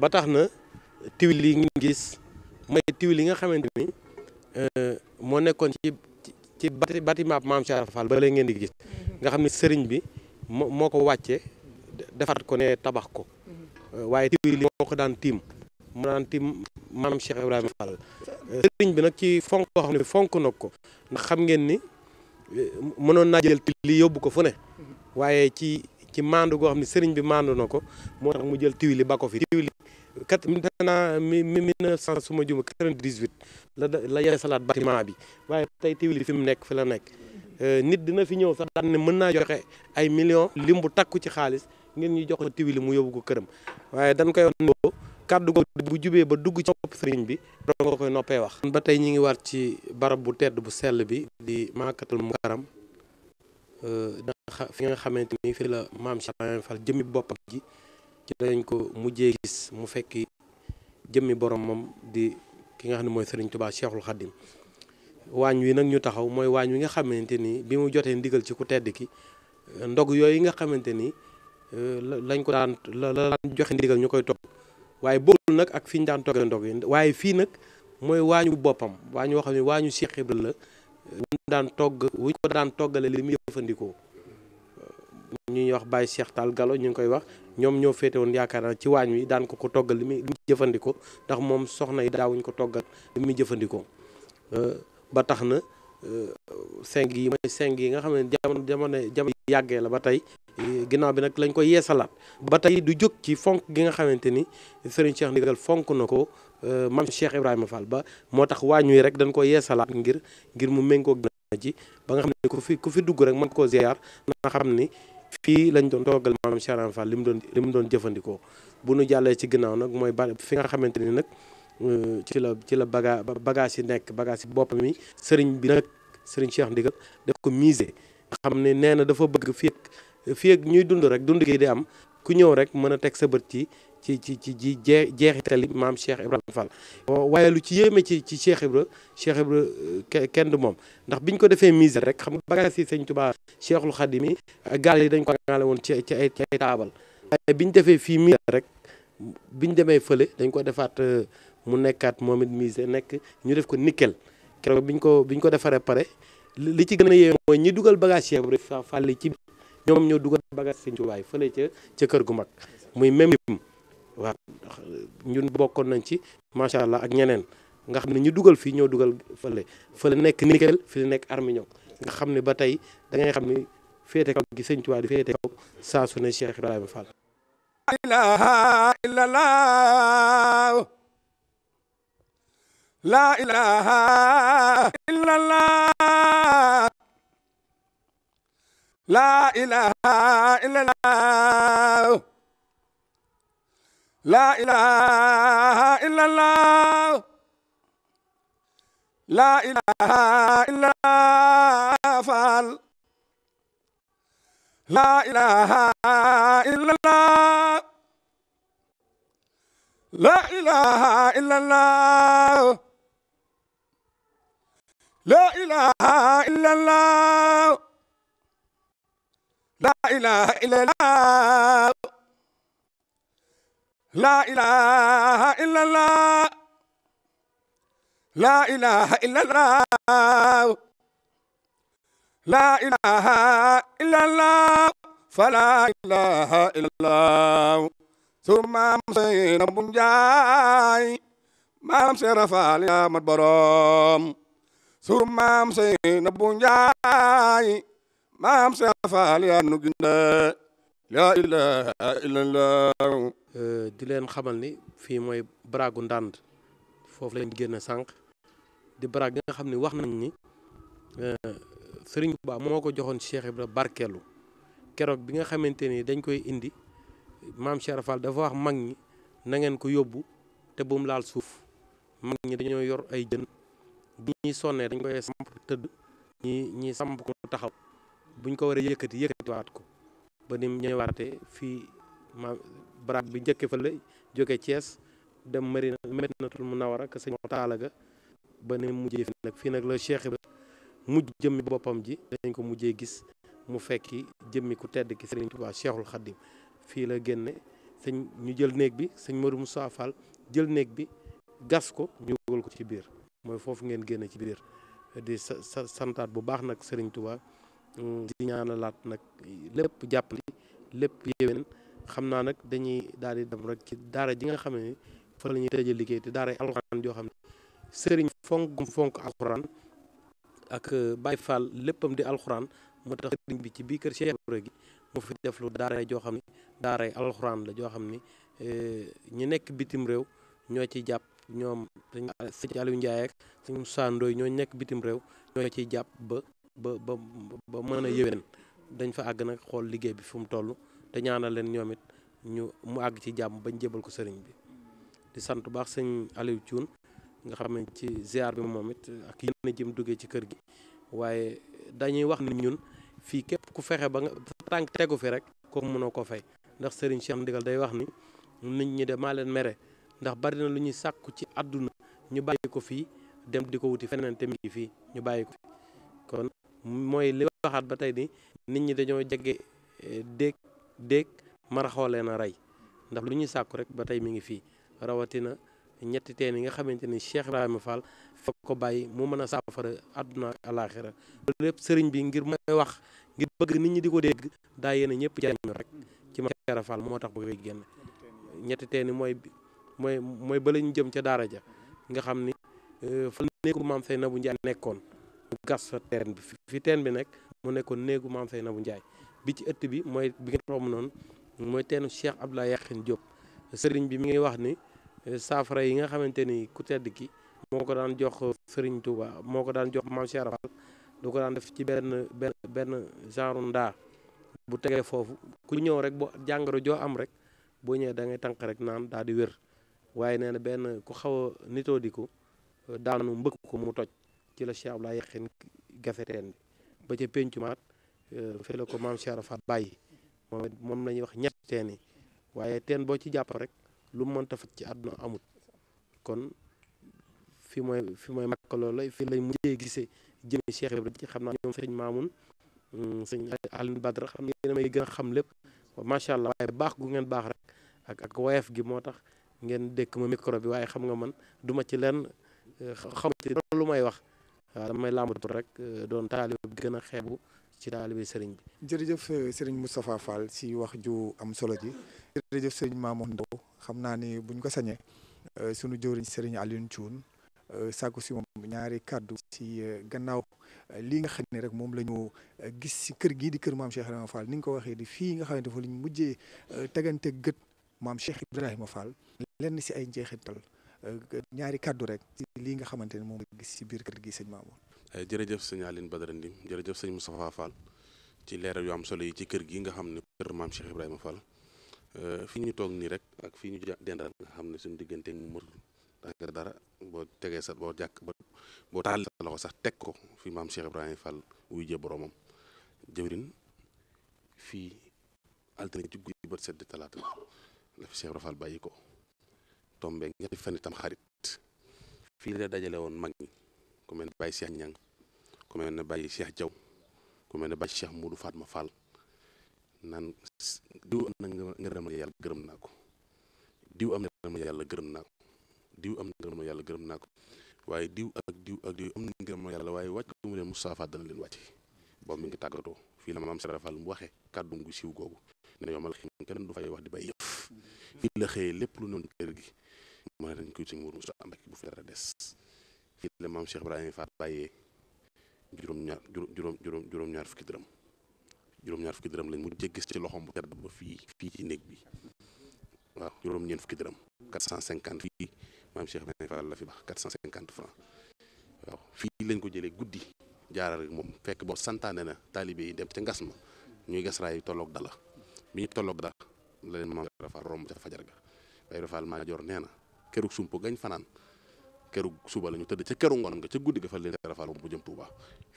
ba taxna tiwli ngi gis may tiwli nga xamanteni Euh, moo nekkoon ci ci bâtiment maam Cheikh Fall ba ngeen di gis nga xam ne sëriñ bi moo moo ko wàcce defar ko ne tabax ko euh, waaye tiwi moo ko daan tiim moo daan tiim maam Cheikh Ibrahima euh, sëriñ bi nag ci fonk koo fonk na ko ndax xam ngeen ni mënoon naa jël tiwili yóbbu ko fu ne waaye ci ci maandu goo xam ne sëriñ bi maandu na ko moo tax mu jël tiwili ba ko fi tiwili kat danaa mi mi mille neuf cent su ma juma quatre vingt dix la la yeesalaat bâtiment bi waaye tey Tivoli fi mu nekk fi la nekk euh, nit dina fi ñëw sax daan ne mën naa joxe ay millions lim bu takku ci xaalis ngeen ñu jox ko Tivoli mu yóbbu ko këram waaye dañ koy wax kàddu ko bu jubee ba dugg ci bopp sëriñ bi doo koy noppee wax ba tey ñi ngi waat ci barab bu tedd bu sell bi di maakatal mu karam euh, fi nga xamante ni fi la maam Cheikh Fall jëmmi boppam ji ci lañ ko mujjee gis mu fekki jëmmi boromam di ki nga xam ne mooy Serigne Touba Cheikhul Khadim waañ wi nag ñu taxaw mooy waañ wi nga xamante ni bi mu jotee ndigal ci ku tedd ki ndog yooyu nga xamante ni euh, lañ ko daan la joxe ndigal ñu koy togg waaye bokkul nag ak fi ñu daan toggee ndog yi waaye fii nag mooy waañu boppam waañu woo xam ne waañu Cheikh Ibra la wuñ daan togg wuñ ko daan toggale li mu jëfandikoo ñuy wax Baye Cheikh Tall galo ñu ngi koy wax ñoom ñoo féete woon yaakaar naa ci waañ wi daan ko ko toggal li muy jëfandikoo ndax moom soxna yi daawuñ ko toggal li muy jëfandikoo ba tax na euh, seng yi mooy seng yi nga xam ne jamono jamono jamono yàggee la ba tey ginnaaw bi nag lañ koy yeesalaat ba tey du jóg ci fonk gi nga xamante ni Serigne Cheikh Ndigal fonk na ko euh, mam Cheikh Ibrahima Fall ba moo tax waañ wi rek dañ ko yeesalaat ngir ngir mu méngoo ji ba nga xam ne ku fi ku fi dugg rek mën koo ziar na xam ni fii lañ doon toogal maanaam Cheikh li mu doon li mu doon jëfandikoo bu nu jàllee ci ginnaaw nag mooy ba fi nga xamante ni nag euh, ci la ci la baga bagage yi nekk bagage yi boppam mi sëriñ bi nag sëriñ Cheikh Ndigal def ko mise nga xam ne nee na dafa bëgg fii fii ak ñuy dund rek dund gi di am ku ñëw rek mën a teg sa bët yi ci ci ci ji jee jeexitali maam Cheikh Ibrahima Fall waaye lu ci yéeme ci ci Cheikh Ibra Cheikh Ibra euh, kenn du moom ndax biñ ko defee mise rek xam nga bagage yi sëñ Tuubaa Cheikhul Xadim yi gaal yi dañ ko gaale woon ci ci ay ci ay taabal waaye biñ defee fii mise rek biñ demee fële dañ ko defaat euh, mu nekkaat moom it mise nekk ñu def ko nikkel keroog biñ ko biñ ko defaree pare li ci gën a yéeme mooy ñi dugal bagage Cheikh fal Fall ci ñoom ñoo dugal bagage sëñ Tuubaa fële ca ca kër gu mag muy même waaw euh, ñun bokkoon nañ ci macha allah ak ñeneen nga xam ne ñu dugal fii ñoo dugal fële fële nekk nickel fii nekk armignon nga xam ne ba tey da xam ne féete kaw gi sëñ Tuubaa di féete kaw saa su ne Cheikh Ibrahima Fall. لا إله إلا الله لا إله إلا فعل لا إله إلا الله لا إله إلا الله لا إله إلا الله لا إله إلا الله لا إله إلا الله لا إله إلا الله لا إله إلا الله فلا إله إلا الله ثم مسينا بنجاي ما مسير فاليا مدبرام ثم مسينا بنجاي ما مسير فاليا نجنا لا إله إلا الله Euh, di leen xamal ni fii mooy baragu ndànd foofu lañ génn sànq di barag bi nga xam ne wax nañ ni euh, Serigne Touba moo ko joxoon Cheikh Ibra barkeelu keroog bi nga xamante ni dañ koy indi maam Cheikh fal dafa wax mag ñi nangeen ko yóbbu te bu laal suuf mag ñi dañoo yor ay jën bu ñuy sonnee dañ koy samp tëdd ñi ñi samp ko taxaw buñ ko waree yëkkati yëkkatiwaat ko ba ni mu ñëwaatee fii baraag bi njëkke fële jóge cees dem Marina Madinatul Munawara ka sëñ taala ga ba ne mujjee fii nag fii nag la Cheikh ba mujj jëmmi boppam ji dañ ko mujjee gis mu fekki jëmmi ku tedd ki Sëriñ Tuubaa Cheikhul Khadim fii la génne sëñ ñu jël néeg bi sëñ Modou Moussa Fall jël néeg bi gas ko ñu dugal ko ci biir mooy foofu ngeen génne ci biir di santaat bu baax nag Sëriñ Tuubaa di ñaanalaat nag lépp jàppandi lépp yéwén xam naa nag dañuy daal di dem rek ci daara ji nga xam ne fa la ñuy tëjee liggéey te daara alxuraan joo xam ne sëriñ fonk fonk alxuraan ak euh, Baye Fall léppam di alxuraan moo tax sëriñ bi ci bii kër Cheikh Ibra gi mu fi deflu lu daara joo xam ne daara alxuraan la joo xam ne euh, ñi nekk bitim réew ñoo ciy jàpp ñoom sëñ Aliou Ndiaye ñoo nekk bitim réew ñoo ciy jàpp ba ba ba ba mën a yëwén dañ fa àgg nag xool liggéey bi fu mu toll te ñaanal leen ñoomit ñu mu àgg ci jàmm bañ jébal ko sëriñ bi di sant baax sëñ Aliou Thioune nga xam ne ci ziar bi moom it ak yéen jëm duggee ci kër gi waaye dañuy wax ni ñun fii képp ku fexe ba nga tànk tegu fi rek kooku mënoo ko fay ndax sëriñ Cheikh Ndigal day wax ni nit ñi de maa leen mere ndax bari na lu ñuy sàkku ci àdduna ñu bàyyi ko fii dem di ko wuti feneen te mi fii ñu bàyyi ko fi kon mooy li waxaat ba tey ni nit ñi dañoo jege eh, déeg déeg maraxoo leen na rey ndax lu ñuy sàkku rek ba tey mi ngi fii rawatina ñetti teen yi nga xamante ni Cheikh Ibrahima Fall fa ko bàyyi mu mën a saafara àdduna ak alaaxira loolu lépp sëriñ bi ngir mooy wax ngir bëgg nit ñi di ko dégg daa yéen a ñëpp jariñu rek ci ma Cheikh Fall moo tax ba koy génn ñetti teen yi mooy mooy mooy ba lañu jëm ca daara ja nga xam ni euh, fa néegu maam say na bu njaay nekkoon gas fa teen bi fi teen bi nekk mu nekkoon néegu maam say na bu njaay bi ci ëtt bi mooy bi ngeen romb noonu mooy teenu Cheikh Abdoulaye Yakhine Diop sëriñ bi mi ngi wax ni eh, saafara yi nga xamante ni ku tedd ki moo ko daan jox eh, sëriñ Touba moo ko daan jox maam Cheikh Rafal du ko daan def ci benn benn benn ndaa bu tegee foofu ku ñëw rek boo jàngoro joo am rek boo ñëwee da ngay tànk rek naan daal di wér waaye nee na benn ku xaw a nitoo di ko eh, daanu mbëkk ko mu toj ci la Cheikh Abdoulaye Yakhine gafeteen bi ba ca pencumaat Euh, fii la ko maam Cheikh Rafat bàyyi moom moom la ñuy wax ñett teen yi waaye teen boo ci jàpp rek lu mu mënta faj ci àdduna amut kon fi mooy fi mooy màkk loola fii lañ mujjee gisee jëmee Cheikh Ibrahima ci xam naa ñoom sëñ Maamun mm, sëñ Alioune Badara xam ngeen may gën a xam lépp macha allah waaye baax gu ngeen baax rek ak ak woyef gi moo tax ngeen dékk ma micro bi waaye xam nga man duma ci lenn euh, xam ci lu may wax waaw damay làmbatu rek euh, doon taalib gën a ci taalibe sëriñ bi. jërëjëf euh, sëriñ Moustapha Fall si wax ju am solo ji jërëjëf sëriñ Mamoun Ndaw xam naa ni buñ ko sañee euh, sunu jëwriñ sëriñ Alioune Thioune euh, sàkku si moom ñaari kàddu si gannaaw li nga xam ne rek moom la ñu gis si kër gii di kër maam Cheikh Ibrahima ni nga ko waxee di fii nga xam ne dafa luñ mujjee tegante gët maam Cheikh Ibrahima Fall lenn si ay njeexital ñaari kàddu rek si lii nga xamante ne moom la gis si biir kër gi sëñ Mamoun. Eh, jërëjëf sëñ Aline Badara Ndim jërëjëf sëñ Moustapha Fall ci leeral yu am solo yi ci kër gi nga xam ne kër maam Cheikh Ibrahima Fall eh, fi ñu toog nii rek ak fi ñu dendal nga xam ne suñu diggante mur danga dara boo tegee sa boo jàkk ba boo taal sa loxo sax teg ko fi maam Cheikh Ibrahima Fall wuy jë boromam jëwrin fii altine ci guddi sedd talaata la fi Cheikh Ibrahima Fall bàyyi ko tombe ñetti fan itam xarit fii la dajale woon mag ñi ku mel ne Baye Cheikh Niang ku mel ne Baye Cheikh Diaw ku mel ne Baye Cheikh Moudou naan diw am na ngërëm la yàlla gërëm naa ko diw am na ngërëm la yàlla gërëm naa ko na ngërëm la yàlla gërëm naa ko waaye diw ak diw ak diw am na ngërëm la yàlla waaye wàcc ko mu ne Moustapha dana leen wàcc boobu mi ngi tàggatoo fii la maam Cheikh Fall mu waxee kàddu gu siiw googu ne yomal xim kenn du fay wax di bay yëf mm-hmm. fii la xëyee lépp lu noonu kër gi ma dañ koy suñu wóor Moustapha bu fi dara des ci la maam Cheikh Ibrahima Fall bàyyee juróom-ñaar juróom juróom ñaar fukki dërëm juróom-ñaar fukki dërëm lañ mujjee gis ci loxoom bu tedd ba fii fii ci néeg bi waaw juróom-ñeent fukki dërëm 450 fii maam Cheikh Ibrahima Fall la fi baax 450 francs waaw fii lañ ko jëlee guddi jaaral rek moom fekk boo santaane na taalibe yi dem ca ngas ma ñuy gas raay tolloog dala bi ñu tolloog dala la leen maam Cheikh Fall romb ca fajar ga waaye Fall maa jor nee na kërug sump gañ fanaan keru suba la ñu tëdd ca keru ngoon nga ca guddi ga fa leen Fall bu jëm Touba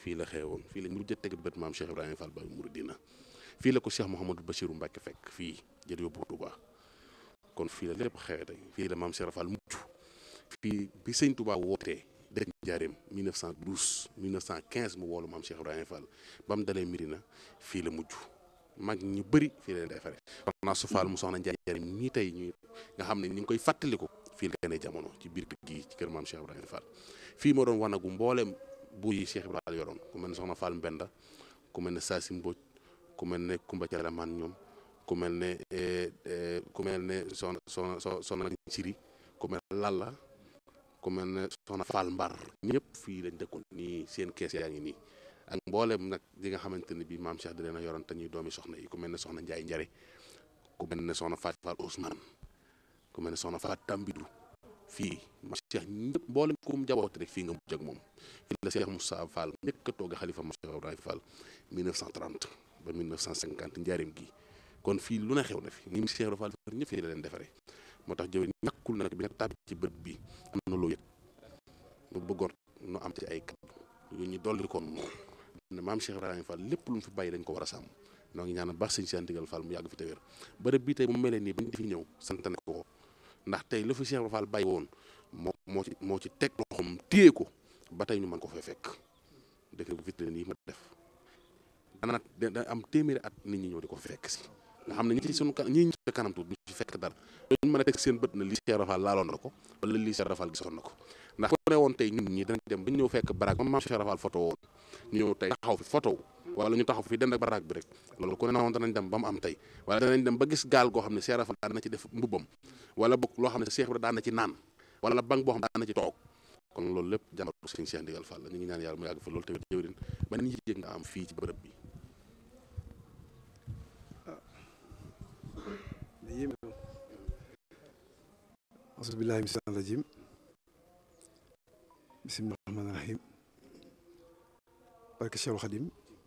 fii la woon fii la ñu jët teg bët maam Cheikh Ibrahima Fall ba Mouridina fii la ko Cheikh Mouhamadou Bachirou Mbacke fekk fii jël yóbbu Touba kon fii la lépp xewee tey fii la maam Cheikh Fall mucc fii bi sëñ Touba wootee dëkk Njaareem 1912 1915 mu woolu maam Cheikh Ibrahima Fall ba mu dalee Mirina fii la mujj mag ñu bëri fii la leen defaree. kon naa su Fall mu soxna Njaareem ñii tey ñuy nga xam ne ñu ngi koy fàttaliku. fii la gane jamono ci biir pit gi ci kër maam Cheikh Ibrahima Fall fii moo doon wanagu mbooleem buur yi Cheikh Ibrahima yoroon ku mel ne Soxna Fall Mbenda ku mel ne Saasi Mbóoj ku mel ne Kumba Cala man ñoom ku mel ne eh, eh, ku mel ne soxna soxna soxna Siri ku mel ne Lalla ku mel ne soxna Fall Mbar ñëpp fii lañ dëkkoon nii seen kees yaa ngi nii ak mbooleem nag li nga xamante ne bii maam Cheikh de leen yoroon te ñuy doomi soxna yi ku mel ne soxna Njaay Njare ku mel ne soxna Faat Fall Ousmane ku mel ne soxna Faat Tambidu fii ma Cheikh ñëpp mboolem ku mu jaboot rek fii nga mujj ak moom fii la Cheikh Moussa Fall njëkk a toog xalifa ma Cheikh Ibrahima Fall 1930 ba 1950 njaarim gi kon fii lu ne xew na fi ni mu Cheikh Ibrahima fii la leen defaree moo tax jëwee ñàkkul nag bi nga tàbbi ci bët bi am na loo yëg mu bëggoon nu am ci ay kàddu yu ñu dolli koon moom ne maam Cheikh lu mu fi bàyyi dañ ko war a noo ngi ñaanal baax sëñ si ndigal Fall mu yàgg fi te wér bërëb bii tey mu melee nii bañ di fi ñëw sant na ko ndax tey la fi Cheikh bay woon moo moo ci moo ci teg loxoom téye ko ba tey ñu mën ko fee fekk décret bu vitre nii ma def dana am téeméeri at nit ñi ñëw di ko fekk si nga xam ne ñi ci sunu kan ñi ci kanam tuut du fekk dara dañu mën a teg seen bët na lii Cheikh Ibra laaloon na ko wala lii Cheikh Ibra gisoon na ko ndax ko ne woon tey nit ñi danañ dem ba ñëw fekk baraag ma maam Cheikh Ibra Fall photo woon ñëw tey taxaw fi foto wala ñu taxaw fii dend ak baraag bi rek loolu ku ne nawoon danañ dem ba mu am tey wala danañ dem ba gis gaal goo xam ne Cheikh Rafal daan na ci def mbubbam wala bokk loo xam ne Cheikh Ibra daan na ci naan wala bank boo xam ne daan na ci toog kon loolu lépp jàmbaru Serigne Cheikh Ndigal Fall la ñu ngi ñaan yàlla mu yàgg fa loolu tamit jëwrin ba nit ñi yëg nga am fii ci bërëb bi asubillahi min seytaan rajim Xadim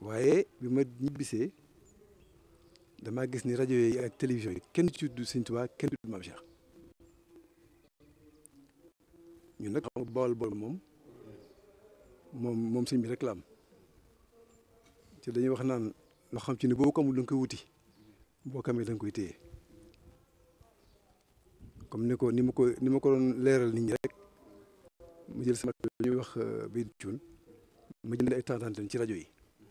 Mais bi je ñibbisee suis gis ni télévision yi kenn de télévision. Tuubaa kenn tudd Maam Cheikh ñun nag xam nga Je Bawol moom de moom sëñ je rek la am te dañuy wax naan xam ci ne boo ko koy wuti comme ni ko ni ma ko ni ma ko doon leeral nit ñi rek mu jël sama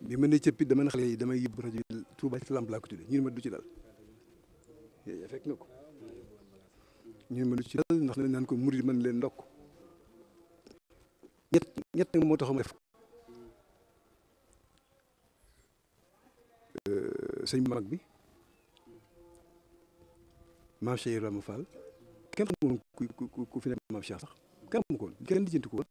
bi ma ne cëppit dama ne xale yi damay yóbbu rajo yi Touba ci lamp laa ko tudde ñu ne ma du ci dal fekk nga ko ñu ne ma du ci dal ndax naan ko murid man leen ndokk ñett ñett moo tax ma def sëñ mag bi maam Cheikh Ibrahima Fall kenn xamul ku ku ku fi nekk maam Cheikh sax kenn xamul ko kenn lijjanti ko woon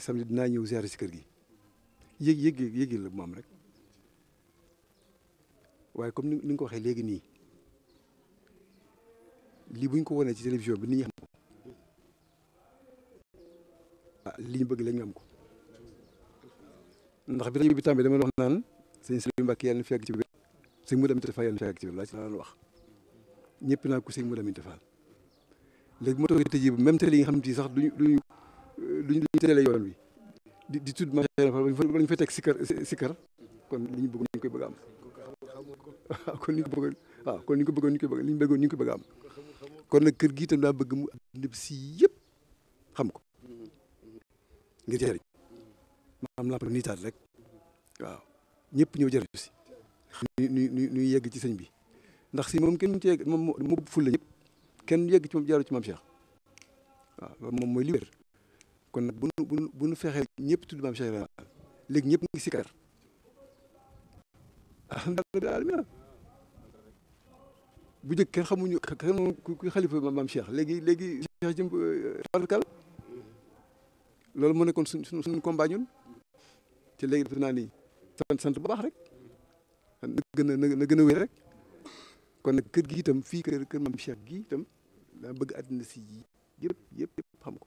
samedi dinaa ñëw ziare si kër gi yëg yég yégi la bu am rek waaye comme ni nga ko waxee léegi nii lii buñ ko wanee ci télévision bi ni ñi xam ko ah li ñu bëgg la ñu am ko ndax bi rajo bi tàmbee dama la wax naan sëñ Saliou Mbacke yàlla na fi yàgg ci biir sëñ Modou Aminta Fall yàlla na fi ci laa ci la wax ñëpp naa ko sëñ Modou Aminta Fall léegi moo tax tëjee bu même télé yi nga xam ne sax duñu duñu luñ ñu tëjale yoon wi di di tudd ma lañ fa teg sikar sikar kon li ñu bëgg ñu koy am waaw kon li ñu bëgg kon li ko bëggoon ñu koy bëgg li ñu bëggoon ñu koy bëgg am kon nag kër gi tam daa bëgg mu àddina bi si yëpp xam ko ngir jëriñ ma am làmp niitaat rek waaw ñëpp ñëw jëriñ si ñu ñu ñu yegg ci sëñ bi ndax si moom kenn ci yegg moom fulla ñëpp kenn yegg ci moom jaaru ci maam Cheikh waaw moom mooy li kon nag bu nu bu nu bu nu fexee ñëpp tudd maam Cheikh Ibrahima léegi ñëpp ngi sikkar alhamdulilah rabbil alamin bu njëkk kenn xamuñu kenn ku xalifa maam Cheikh léegi léegi Cheikh jëm tabarkal loolu moo nekkoon suñ suñ combat ñun te léegi def naa ni sant sant bu baax rek na gën a na gën a wér rek kon nag kër gi itam fii kër kër maam Cheikh gi itam daa bëgg àddina si yëpp yëpp yëpp xam ko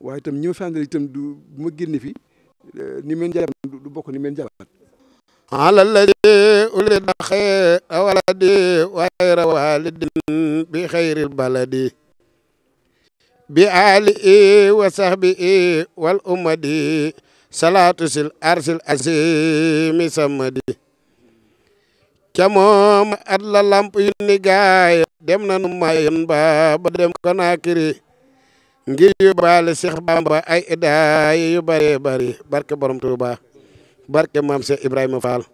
waa itam ñi ma fi àndal itam du bu ma génne fi euh, ni meen jabaat du bokk ni meen jabaat alalladi uli daxe awaladi wayra walidin bi xayril baladi bi ali i wa sahbi i wal ummadi salaatu sil arsil asimi samadi ca moom at la lamp yu dem nanu mayon ba ba dem ko naakiri ngir yóbbaale Cheikh Bamba ay idaay yu bëree bëri barke borom Touba barke maam Cheikh Ibrahima Fall.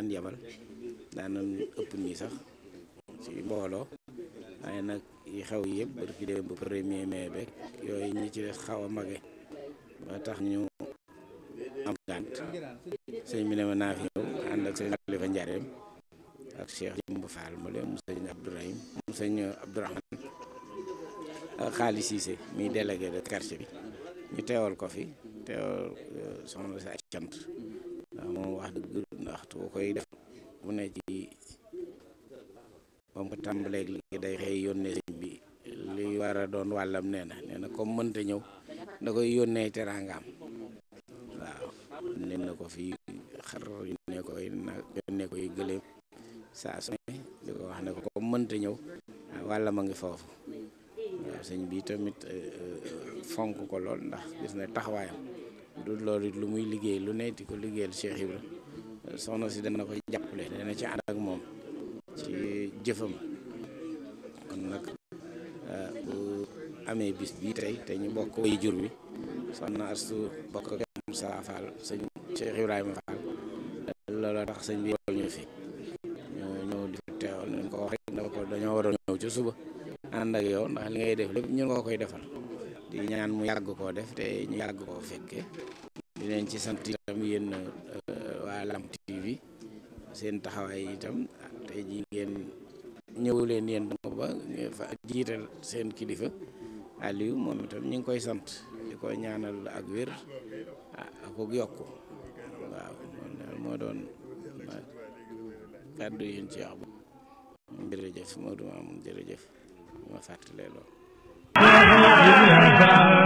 daan yebal daanan ëpp nii sax ci mbooloo waaye nag yi xew yëpp barki démb bu premier mai beeg yooyu ñi ci xaw a mage ba tax ñu am gànt sëñ bi ne ma naa fi ñëw ànd ak sëñ Alifa ak Cheikh Jëmb Fall ma leen mu sëñ Abdourahim mu sëñ Abdourahman ak Xaali Siise muy délégué de quartier bi ñu teewal ko teewal euh, soxna si ay cant moom wax dëgg waxtu koy def bu ne ci ba mu tàmbaleeg léegi day xëy yónnee sëñ bi li war doon wàllam nee na nee na comme mënta ñëw da koy yónnee teraangam waaw nee na ko fii xar yónnee koy nag yónnee koy gëléem saa su ne di wax ne ko comme mënta ñëw wàllam a ngi foofu waaw sëñ bi tamit eh, eh, fonk ko lool ndax gis na taxawaayam du lool it lu muy liggéey lu ne di ko liggéeyal Cheikh Ibra soxna si dana ko jàppale dana ci ànd moom ci jëfam kon nag eh, bu amee bis bi tey te ñu bokk way jur bi soxna Astu bokk ak Moussa Fall sëñ Cheikh Ibrahima Fall looloo tax sëñ bi ñu fi ñu ñëw di teewal ñu ko wax rek dafa ko dañoo waroon ñëw ci suba ànd ak yow ndax li ngay def lépp ñun nga koy defal di ñaan mu yàgg koo def te ñu yàgg koo fekke di ci sant itam yéen euh, waa Lamp TV seen taxawaay itam tey kilifa Aliou ñu ngi koy sant di ko ñaanal ak wér ah, ak yokk waaw moo doon kàddu yéen ci wax jërëjëf moo du ma amoon about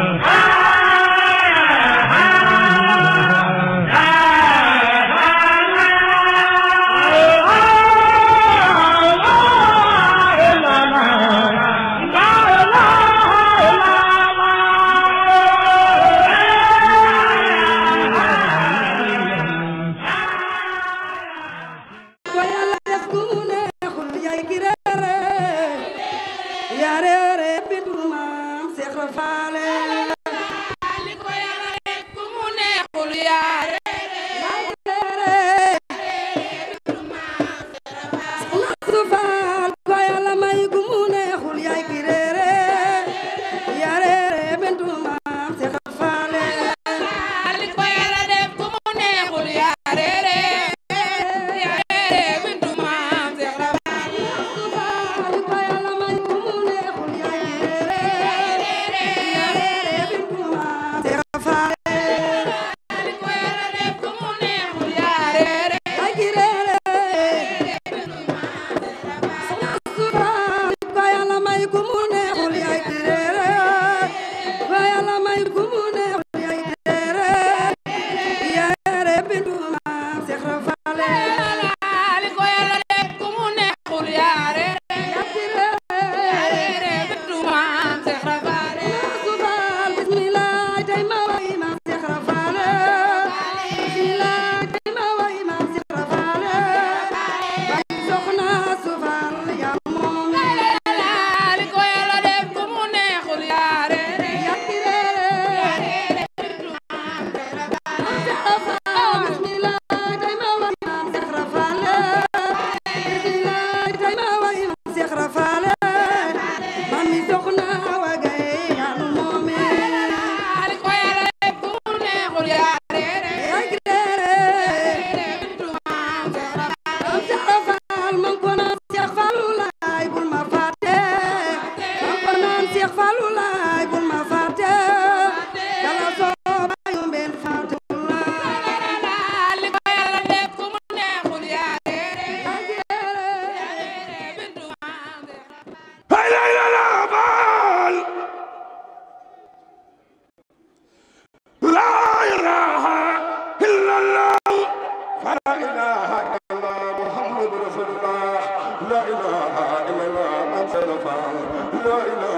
la ilaha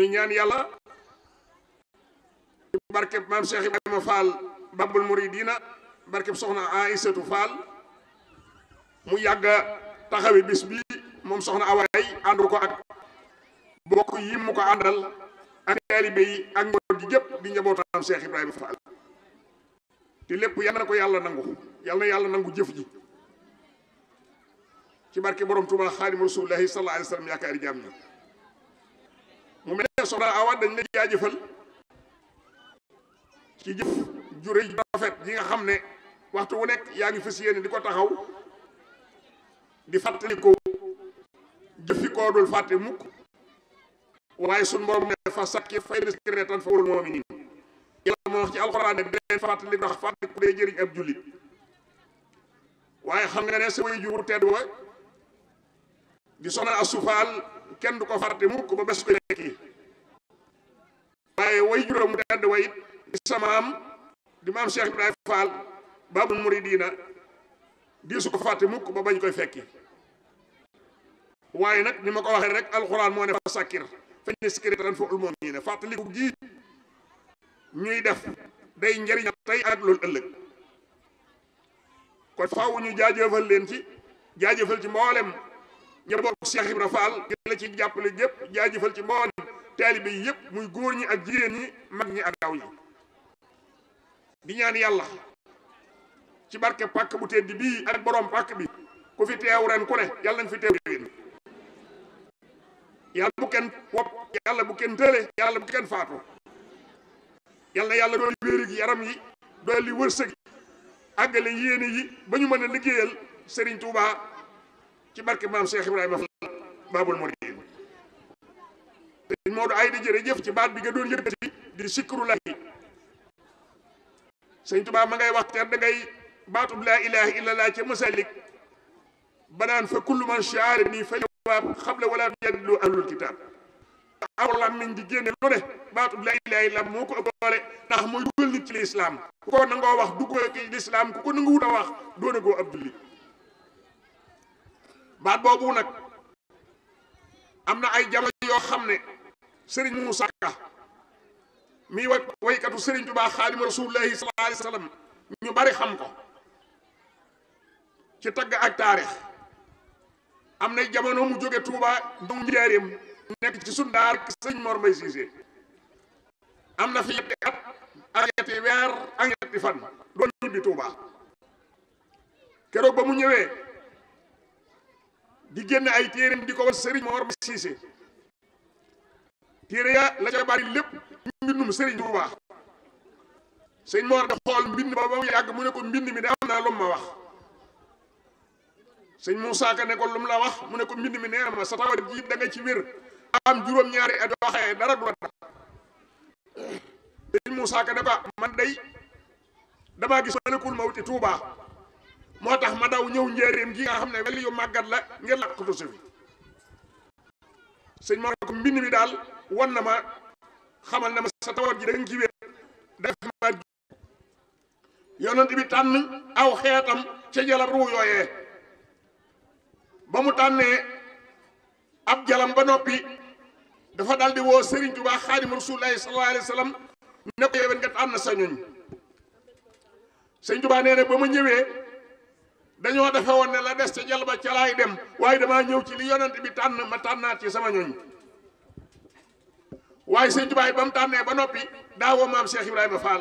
ñu ñaan yàlla ci barkeb maam Cheikh Ibrahima Fall babul muridina barkeb soxna Aïssatou Fall mu yàgg taxawi bis bi moom soxna awaay ànd ko ak bokk yi mu ko àndal ak taalibe ak njaboot gi gépp di njabootam Cheikh Ibrahima te lépp yal na ko yàlla nangu yal na yàlla nangu jëf ji ci barke borom Tuubaa Xaadimu Rasuulillaahi sallallaahu alayhi yaakaari jaam ñi mu mel ne soxna Awa dañ la jaajëfal ci jëf ju rëy yi nga xam ne waxtu wu nekk yaa ngi fas yéene di ko taxaw di fàttali ko jëfi koo dul fàtte mukk waaye sun borom ne fa sakki fay riskiré tan fa wul moomi nii yàlla moo wax ci alxuraan ne dee fàttali ndax fàttali ku dee jëriñ ab jullit waaye xam nga ne sa way jur tedd wa di soxna Asou kenn du ko fàtte mukk ba bés ko nekki waaye way mu tedd wayit di am di maam Cheikh Ibrahima Fall baabul muridiina di su ko fàtte mukk ba bañ koy fekki waaye nag ni ma ko waxee rek alxuraan moo ne fa sàkkir fa niskiri tan fa ulmoon ñi ne fàttaliku gi ñuy def day njëriñal tey ak loolu ëllëg kon faaw ñu jaajëfal leen ci jaajëfal ci mboolem njaboot Cheikh Ibra Fall gën la ci jàppale ñëpp jaajëfal ci mboolem taalibe bi yëpp muy góor ñi ak jigéen ñi mag ñi ak ndaw ñi di ñaan yàlla ci barke pàkk bu tedd bii ak borom pàkk bi ku fi teew ren ku ne yàlla nañ fi teew déwén yàlla bu kenn wopp yàlla bu kenn tële yàlla bu kenn faatu yàlla yàlla dooli wér yaram yi dooli wërsëg àggale yéene yi ba ñu mën a liggéeyal Serigne Touba ci barke maam Cheikh Ibrahima Baabul Muriid sëñ Moodu ay di jërëjëf ci baat bi nga doon yëkkati di sikru lahi sëñ Tuubaa ma ngay wax te da ngay baatub laa ilaaha illallaah ca masalik banaan fa kullu man shaari nii fa jawaab xable wala yadlu ahlul kitaab aw làmmiñ di génne lu ne laa ilaaha illallaah moo ko ëpp doole ndax mooy dugal nit ci lislaam ku ko nangoo wax duggoo ci lislaam ku ko nanguwut a wax doonagoo ab jullit baat boobu nag am na ay jamono yoo xam ne sëriñ Moussa Ka mii way waykatu sëriñ Tuubaa xaadimu rasuulullaahi sallallaahu alayhi wa sallam ñu bari xam ko ci tagg ak taarix am na jamono mu jóge Touba ñëw Njaaréem nekk ci sundaar sëriñ Mor Mbay Siise am na fi ñetti at ak ñetti weer ak ñetti fan doon ñibbi Touba keroog ba mu ñëwee di génn ay téereem di ko war sëriñ Mor Cissé téere ya la ca bari lépp mbindum sëriñ bu baax sëñ Mor da xool mbind ba ba mu yàgg mbind mi de am naa lu ma wax sëñ Moussa Ka ne ko lu mu la wax mu ne ko mbind mi nee na ma sa tawar ji ci wér am juróom-ñaari at yoo xaye dara du la dara sëñ Moussa Ka ne ko ah, man day damaa gis malakul mawti Tuubaa motax ma daw ñew njéeréem gi nga xamne ne yu magat la ngir la ko fi señ ma mbinn bi dal daal na ma xamal na ma sa tawat ji da nga ci wé def ma yonent bi tan aw xéetam ci jalab ru yoyé ba mu tànnee ab jalam ba nopi dafa dal di wo Serigne Touba khadim rasulullah sallallahu alaihi wasallam, ne ko yewen nga tan sañuñ sëñ Touba nee ba dañu defe woon ne la dess ci jalba ci lay dem way dama ñew ci li yonent bi tan ma tanna ci sama ñoon way sëñ Tuubaa bam tanne ba noppi daawoo mam Cheikh Ibrahima Fall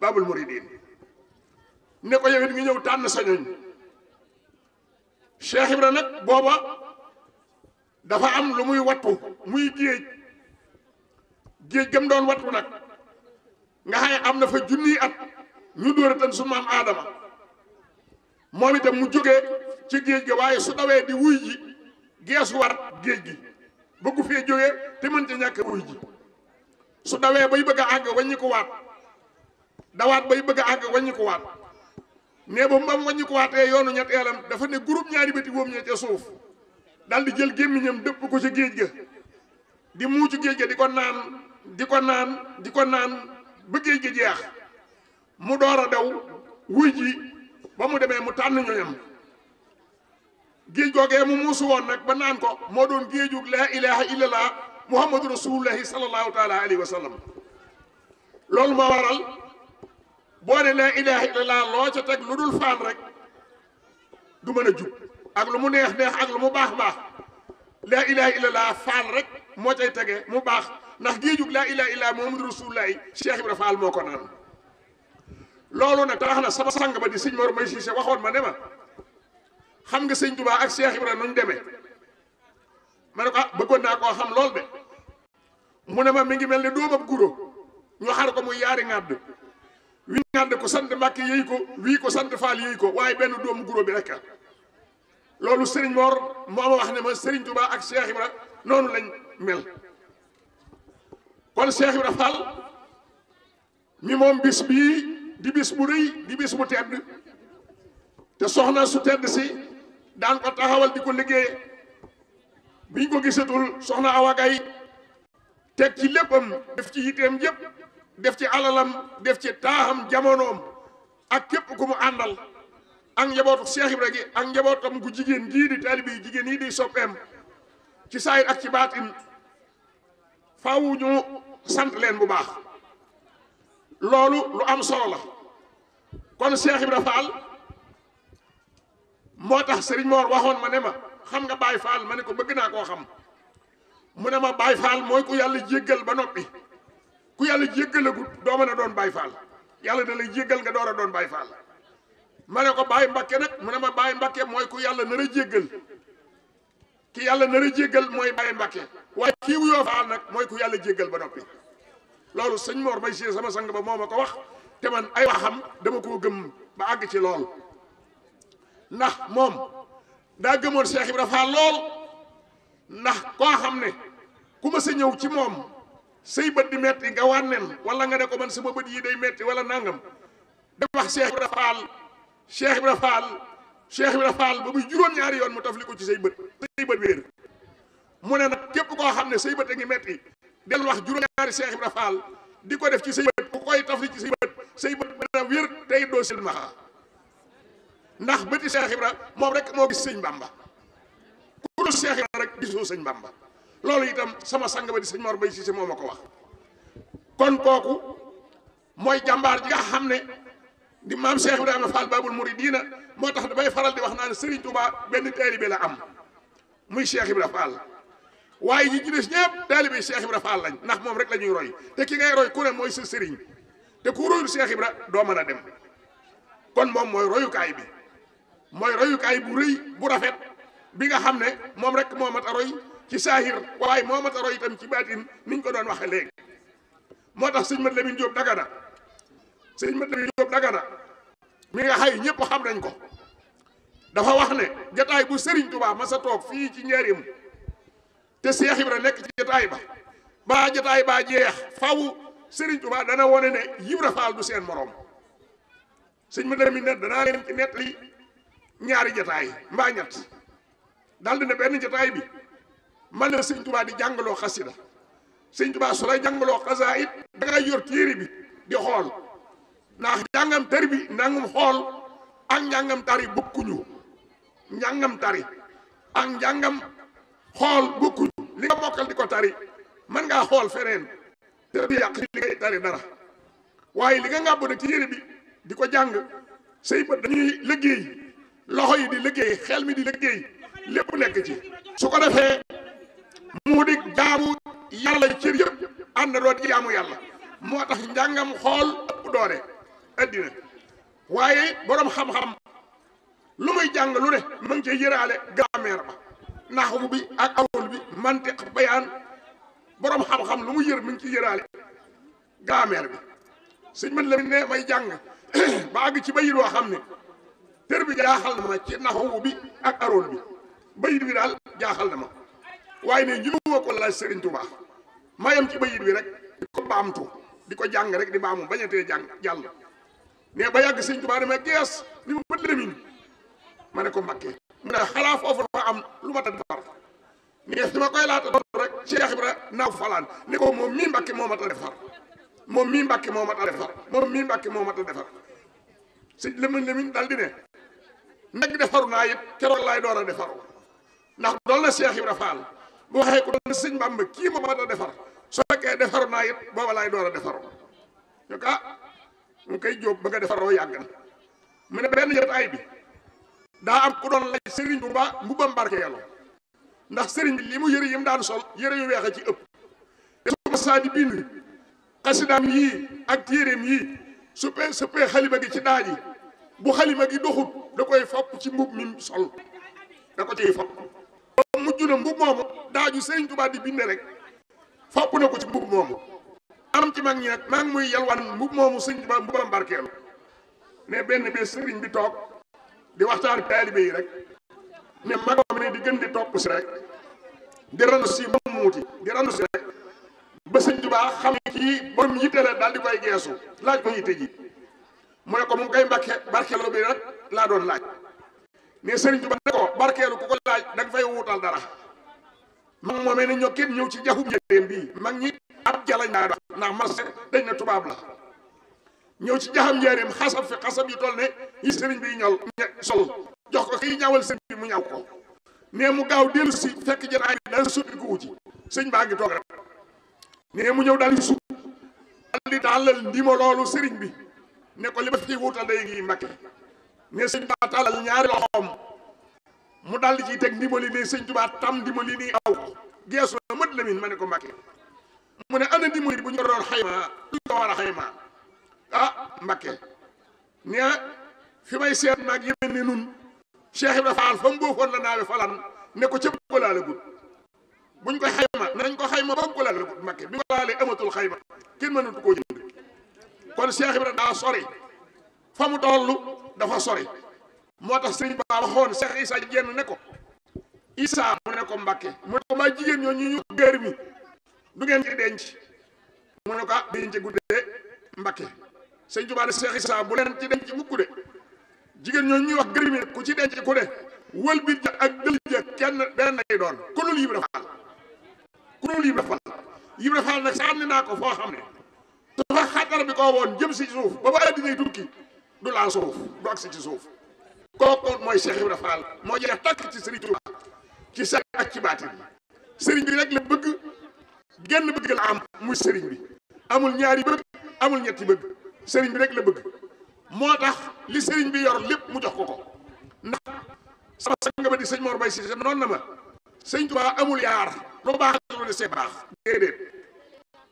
babul muridin ne ko yewit mi ñew tan sa ñoon Cheikh ibrahima nak boba dafa am lu muy wattu muy geej geej gam doon wattu nak nga hay amna am fa jooni at ñu tan su mam adama moom itam mu jógee ci géej gi waaye su dawee di wuy ji geesu war géej gi bëggu fee jógee te mën ci ñàkk wuy ji su dawee bay bëgg a àgg waññi ko waat dawaat bay bëgg àgg waññi ko waat ne ba mbam waññi ko waatee yoonu ñetteelam dafa ne groupe ñaari bëti wóom ñe ca suuf dal di jël gémmiñam dëpp ko ci géej ga di muucu géej ga di ko naan di ko naan di ko naan ba géej gi jeex mu door a daw wuy ji ba mu demee mu tànn ñoñam géej googee mu muusu woon nag ba naan ko moo doon géejug laa ilaha illallah muhammadu rasulullahi sallallahu taala alayhi wa sallam loolu moo waral boo ne laa ilaha illallah loo ca teg lu dul faan rek du mën a jub ak lu mu neex neex ak lu mu baax baax laa ilaha illallah faan rek moo cay tege mu baax ndax géejug laa ilaha illallah muhammadu rasulullahi cheikh ibra faal moo ko loolu nag tax na sama sang ma di sëñ Mor may Cissé waxoon ma ne ma xam nga sëñ tubaa ak Cheikh Ibrahima nu ñu ma ne ko ah bëggoon naa koo xam lool de mu ne ma mi ngi mel ne doomam guro ñu xar ko muy yaari ŋàdd wi ŋàdd ko sant Mbàkke yëy ko wii ko sant Faal yëy ko waaye benn doomu guro bi rek loolu Serigne Mor moo ma wax ne ma Serigne Touba ak Cheikh Ibrahima noonu lañ mel kon Cheikh Ibrahima Fall mi moom bis bii. di bis bu rëy di bis bu tedd te soxna su tedd si daan ko taxawal di ko liggéey biñ ko gisatul soxna Awa Gaye teg ci léppam def ci yiteem yépp def ci alalam def ci taaxam jamonoom ak képp ku mu àndal ak njabootu Cheikh Ibra gi ak njabootam ku jigéen jii di taalibe jigéen yii di soppeem ci saayir ak ci baatin faaw ñu sant leen bu baax loolu lu am solo la kon Cheikh Ibra Fall moo tax Serigne moor waxoon ma ne ma xam nga Baye Fall ma ne ko bëgg naa koo xam mu ne ma Baye Fall mooy ku yàlla jéggal ba noppi ku yàlla jéggalagut doo mën a doon Baye Fall yàlla da lay jéggal nga door a doon Baye Fall ma ne ko Baye Mbakke nag mu ne ma Baye Mbakke mooy ku yàlla nar a jéggal ki yàlla nar a jéggal mooy Baye Mbakke waaye kii wuyoo Fall nag mooy ku yàlla jéggal ba noppi. Lalu senyum Mor bay sey sama sang ba moo ko wax te man ay waxam dama ko gëm ba ag ci lool nah mom da gëmon Cheikh ibrahim Fall lool nah ko xamne ne se ñew ci mom sey bëd di metti nga wànneen wala nga ne ko man sama bëd yi day metti wala nangam da wax Cheikh ibrahim Fall Cheikh ibrahim Fall Cheikh ibrahim Fall bu muy juroom ñaar yoon mu tafliku ci sey bëd sey bëd mu ne nak képp ko xamne sey bëd metti del wax juróom-ñaari Cheikh Ibra Fall di ko def ci say bët ku koy tafli ci say bët say bët dana wér tey doo silmaxa ndax bëti Cheikh Ibra moom rek moo gis sëñ Bamba ku dul Cheikh Ibra rek gisoo sëñ Bamba loolu itam sama sang ba di sëñ Mor Bay Cissé moo ma ko wax kon kooku mooy jàmbaar ji nga xam di maam Cheikh Ibrahima Fall Babul Mouridina moo tax damay faral di wax naan Serigne Touba benn taalibe la am muy Cheikh Ibra Fall waaye ñi ci des ñëpp taalibe Cheikh Ibra Fall lañ ndax rek la ñuy roy te ki ngay roy ku ne mooy sa sëriñ te ku royul Cheikh Ibra doo mën a dem moom mooy royukaay bi mooy royukaay bu rëy bu rafet bi nga xam ne moom rek moo mat a ci saahir waaye moo mat a roy ci baatin niñ ko doon waxe léegi moo tax sëñ Mat Lamin Jóob Dagana sëñ Mat Lamin Jóob Dagana mi nga xay ñëpp xam nañ ko dafa wax ne jataay bu sëriñ Tuubaa ma sa toog fii ci njaarim te Cheikh Ibra nek ci jotaay ba ba jotaay ba jeex faw Serigne Touba dana woné ne Ibra Faal du sen morom serigne ma mi net dana len ci nettali ñaari jotaay mba ñatt dal dina ben jotaay bi man la sëñ Touba di jangalo khassida serigne Touba so lay jangalo xasaa it da nga yor téere bi di xol na jangam tari bi nangum xol ak jangam tari bokkuñu jangam tari ak jangam xool bukkuñ li nga mokkal di ko tari mën ngaa xool feneen te du yàq li ngay tari dara waaye li nga ngàbb nag ci yére bi di ko jàng say bët dañuy liggéey loxo yi di liggéey xel mi di liggéey lépp nekk ci su ko defee mu di jaamu yàlla cër yëpp ànd na doo di jaamu yàlla moo tax njàngam xool ëpp doole addina waaye boroom xam-xam lu muy jàng lu ne mu ngi cay yëraale grammaire ba naxwu bi ak awul bi mantiq bayaan borom xam-xam lu mu yër mi ci yëraale grammaire bi sëñ man la ne may jàng ba àgg ci bayit woo xam ne tër bi jaaxal na ma ci bi ak arool bi bayit bi daal jaaxal na ma waaye ne ñu ma ko laaj Sëriñ Tuubaa mayam ci bayit bi rek di ko baamtu di ko jàng rek di baamu bañ a tee jàng jàll ne ba yàgg Sëriñ Tuubaa dama gees ni ma bët ma ne ko mbakkee mu ne xalaa foofu dafa am lu ma ta defar mais su ma koy laata doon rek Cheikh Ibra naaw falaan ni ko moom mii Mbàkke moo ma ta defar moom mii Mbàkke moo ma ta defar moom mii Mbàkke moo ma ta defar si lëmin lëmin dal di ne nag defaru naa it keroog laay door a defaru ndax doon na Cheikh Ibra Fall bu waxee ko doon sëñ Bamba kii moo ma a defar su fekkee defaru naa it booba laay door a defaru ka mu koy jóob ba nga defaroo yàgg na mu ne benn jot ay bi daa am ku doon laaj Serigne Touba mbubbam barke ndax Serigne bi li mu yëre yim daan sol yëre yu weex a ci ëpp te su ma saa di bind xasidaam yii ak téeréem yii su pee su pee xalima gi ci daaji bu xalima gi doxut da koy fopp ci mbub mi sol da ko ciy fopp ba mujj na mbub moomu daaju Serigne Touba di bind rek fopp na ko ci mbub moomu anam ci mag ñi nag maa ngi muy mbub moomu Serigne Touba mbubbam barkeelu benn bee Serigne bi toog di waxtaan taalibe yi rek ne magam ne di gën di topp si rek di ranu si moom muuti di ranu si rek ba sëñ Tuubaa xam ne kii borom yitte la daal di koy geesu laaj ko yitte ji mu ko mu koy mbakke barkeelu bi rek laa doon laaj ne sëriñ Tuubaa ne ko barkeelu ku ko laaj da nga fay wuutal dara mag moomee ne ñoo kenn ñëw ci jaxum njëriñ bii mag ñi ab jalañ laa dox ndax marché dañ na tubaab la ñëw ci jaxam njaareem xasab fi xasab yi toll ne yi sëriñ bi ñol sol jox ko kii ñawal sëriñ bi mu ñaw ko nee mu gaaw dellu si fekk jataay bi dara sukkandiku wu ci sëñ baa ngi toog rek nee mu ñëw daal di sukk daal di tàllal ndimo bi ne li ma fi wutal day ngi mbakke ne sëñ baa tàllal ñaari loxoom mu daal di ciy teg ndimo li nii sëñ tubaa tam ndimo li nii aw geesu na mët lamin ma ne ko mbakke mu ne ana ndimo li bu ñu ko doon xayma ah Mbakke nee na ah, fi may seet nag yéen ni nun Cheikh Ibrahima Fall fa mu boofoon la naawe falan nekko ko ca ko laale gut buñ ko xayma nañ ko xayma ba mu ko laale gut Mbakke bi nga ko laalee amatul xayma kenn mënatu ko jënd kon Cheikh Ibrahima daa sori fa mu toll dafa sori moo tax sëñ Ba waxoon Cheikh Issa jenn ne ko Issa mu ne ko Mbakke mu ne maa jigéen ñoo ñu ñu géer mi du ngeen ci denc mu ne ko ah denc guddee Mbakke sëñ Tuubaa ne Seex Isaa bu leen ci denc mukk de jigéen ñooñu ñuy wax gërimi ku ci denc ku de wël bi ja ak dël ja kenn benn lay doon ku dul Ibra Faal ku dul Ibra Faal Ibra Faal nag sànni naa ko foo xam ne dafa xatar bi koo woon jëm si suuf ba ba addinay tukki du laal suuf du agsi ci suuf kooku mooy Cheikh Ibra Fall moo jeex takk ci Serigne Touba ci sax ak ci baatin Serigne bi rek la bëgg genn bëgg la am muy Serigne bi amul ñaari bëgg amul ñetti bëgg sëriñ bi rek la bëgg moo tax li sëriñ bi yor lépp mu jox ko ko ndax sama sang ba di sëñ Mor Bay Cissé noonu na ma sëñ Tuubaa amul yaar lu baax lu ne see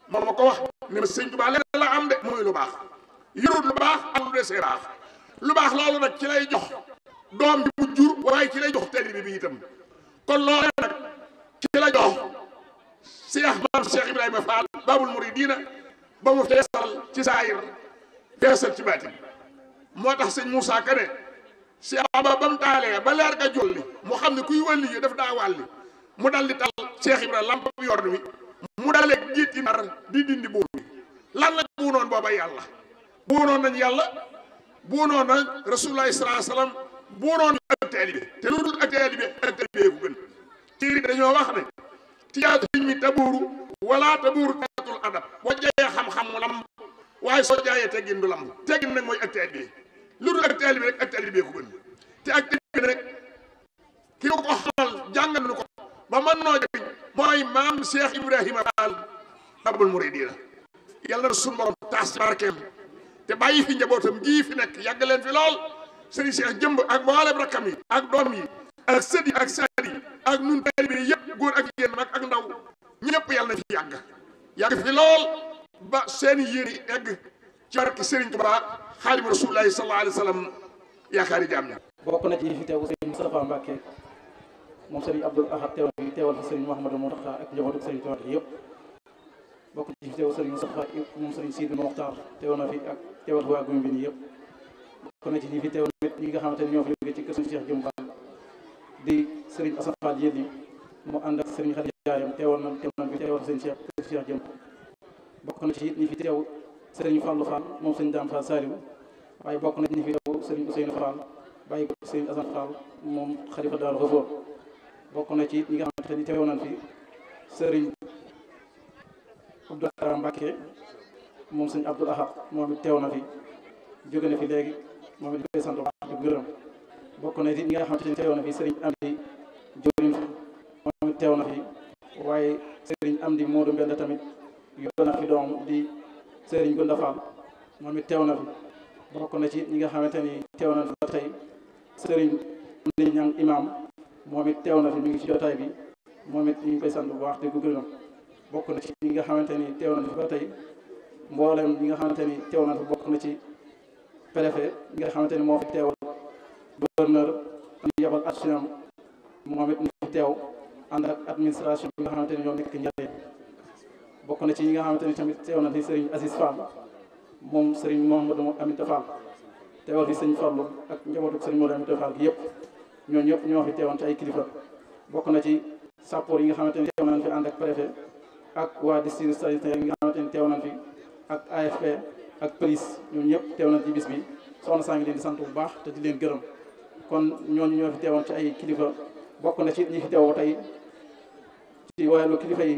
moo ma ko wax ne ma sëñ Tuubaa lenn la am de mooy lu baax yorut lu baax amul lu ne baax lu baax loolu nag ci lay jox doom bi mu jur waaye ci lay jox taalibe bi itam kon loolu nag ci la jox Cheikh maam Cheikh Ibrahima Fall Babul Muridiina ba mu feesal ci saayir beesal ci moo tax sëñ Moussa ka ne si aba ba mu taalee ba leer ga jolli mu xam ne kuy wàlli yi def daa wàlli mu dal di tal Cheikh Ibra lamp bi yor wi mu dalee jiit yi ndar di dindi buur bi lan la buunoon booba yàlla buunoon nañ yàlla buunoon nañ rasulullah sallallahu alayhi wasallam buunoon nañ ak taalibe te lu dul ak taalibe ak taalibe bu gën tiiri dañoo wax ne tiyaatu mi tabuuru wala tabuuru taatul adab wajjee xam-xam mu lam waaye soo jaayee teggin du lamb teggin nag mooy ak taalibe lu dul ak taalibe rek ak taalibe ku gën te ak taalibe rek ki ko xamal jàngal nu ko ba mën noo jëriñ mooy maam Cheikh Ibrahima Fall Babul Muridiina yàlla na suñu borom taas ci barkeem te bàyyi fi njabootam gii fi nekk yàgg leen fi lool sëriñ Cheikh jëmb ak mboolem rakkam yi ak doom yi ak sët yi ak saat yi ak nun taalibe yëpp góor ak jigéen mag ak ndaw ñëpp yàlla na fi yàgg yàgg fi lool با سين ييري اغ جارك سيرن تبا خادم رسول الله صلى الله عليه وسلم يا خاري جامنا بوك نتي انفيتي وسي مصطفى مباكي موم سيري عبد الاحد تيو تيو سيرن محمد المرتقى اك جوتو سيرن تيو ييب بوك نتي انفيتي وسي مصطفى موم سيري سيد مختار تيو نا في اك تيو وا غوم بي ييب بوك نتي انفيتي و نيت ليغا خامتاني ньоف ليغي تي كسو شيخ جومبال دي سيرن اسفاد يدي مو اندك سيرن خديجه يام تيو نا تيو نا في تيو سيرن شيخ شيخ bokk na ci it ñi fi teew sëriñ Fallou Fall moom sëñ Dame Fall Saliou waaye bokk na ci ñi fi teew sëriñ Ousseynou Fall bàyyi ko sëriñ Assane Fall moom xalifa Daaru Xafoor bokk na ci ñi nga xamante ni teew nañ fi sëriñ moom sëñ Abdoul Ahad moom it teew na fi jóge na fi léegi moom it koy sant bu baax bokk na ci ñi nga xamante ni teew na fi sëriñ Amdi Diorin moom it teew na fi waaye sëriñ Amdi Modou Mbenda tamit yor na fi doom di Serigne Gunda moom it teew na fi bokk na ci ñi nga xamante ni teew na fi ba tey sëriñ Ndi Ñang imam moom it teew na fi mi ngi ci jotaay bi moom it ñu ngi bu baax di ko gërëm bokk na ci ñi nga xamante ni teew na fi ba tey mboolem ñi nga xamante ni teew na bokk na ci nga xamante ni moo fi teewal gouverneur ñu yebal action moom it ñu teew ànd ak administration bi nga xamante ni yoon nekk njëriñ bokk na ci ñi nga xamante ni tamit teew na fi Serigne Aziz Fall moom Serigne moom Aminta Fall teewal fi sëñ Fallu ak njabootu Serigne Mouhamadou Aminta Fall yëpp ñoo ñëpp ñoo fi teewoon ci ay kilifa bokk na ci sappoor yi nga xamante ni teew nañ fi ànd ak préfet ak waa district sanitaire yi nga xamante ni teew nañ fi ak ak police ñoom ñëpp teew bis bi soxna saa sant bu baax te di leen gërëm kon ñooñu ñoo fi ci ay kilifa bokk na ci ñi fi teewoo tey ci waaye lu kilifa yi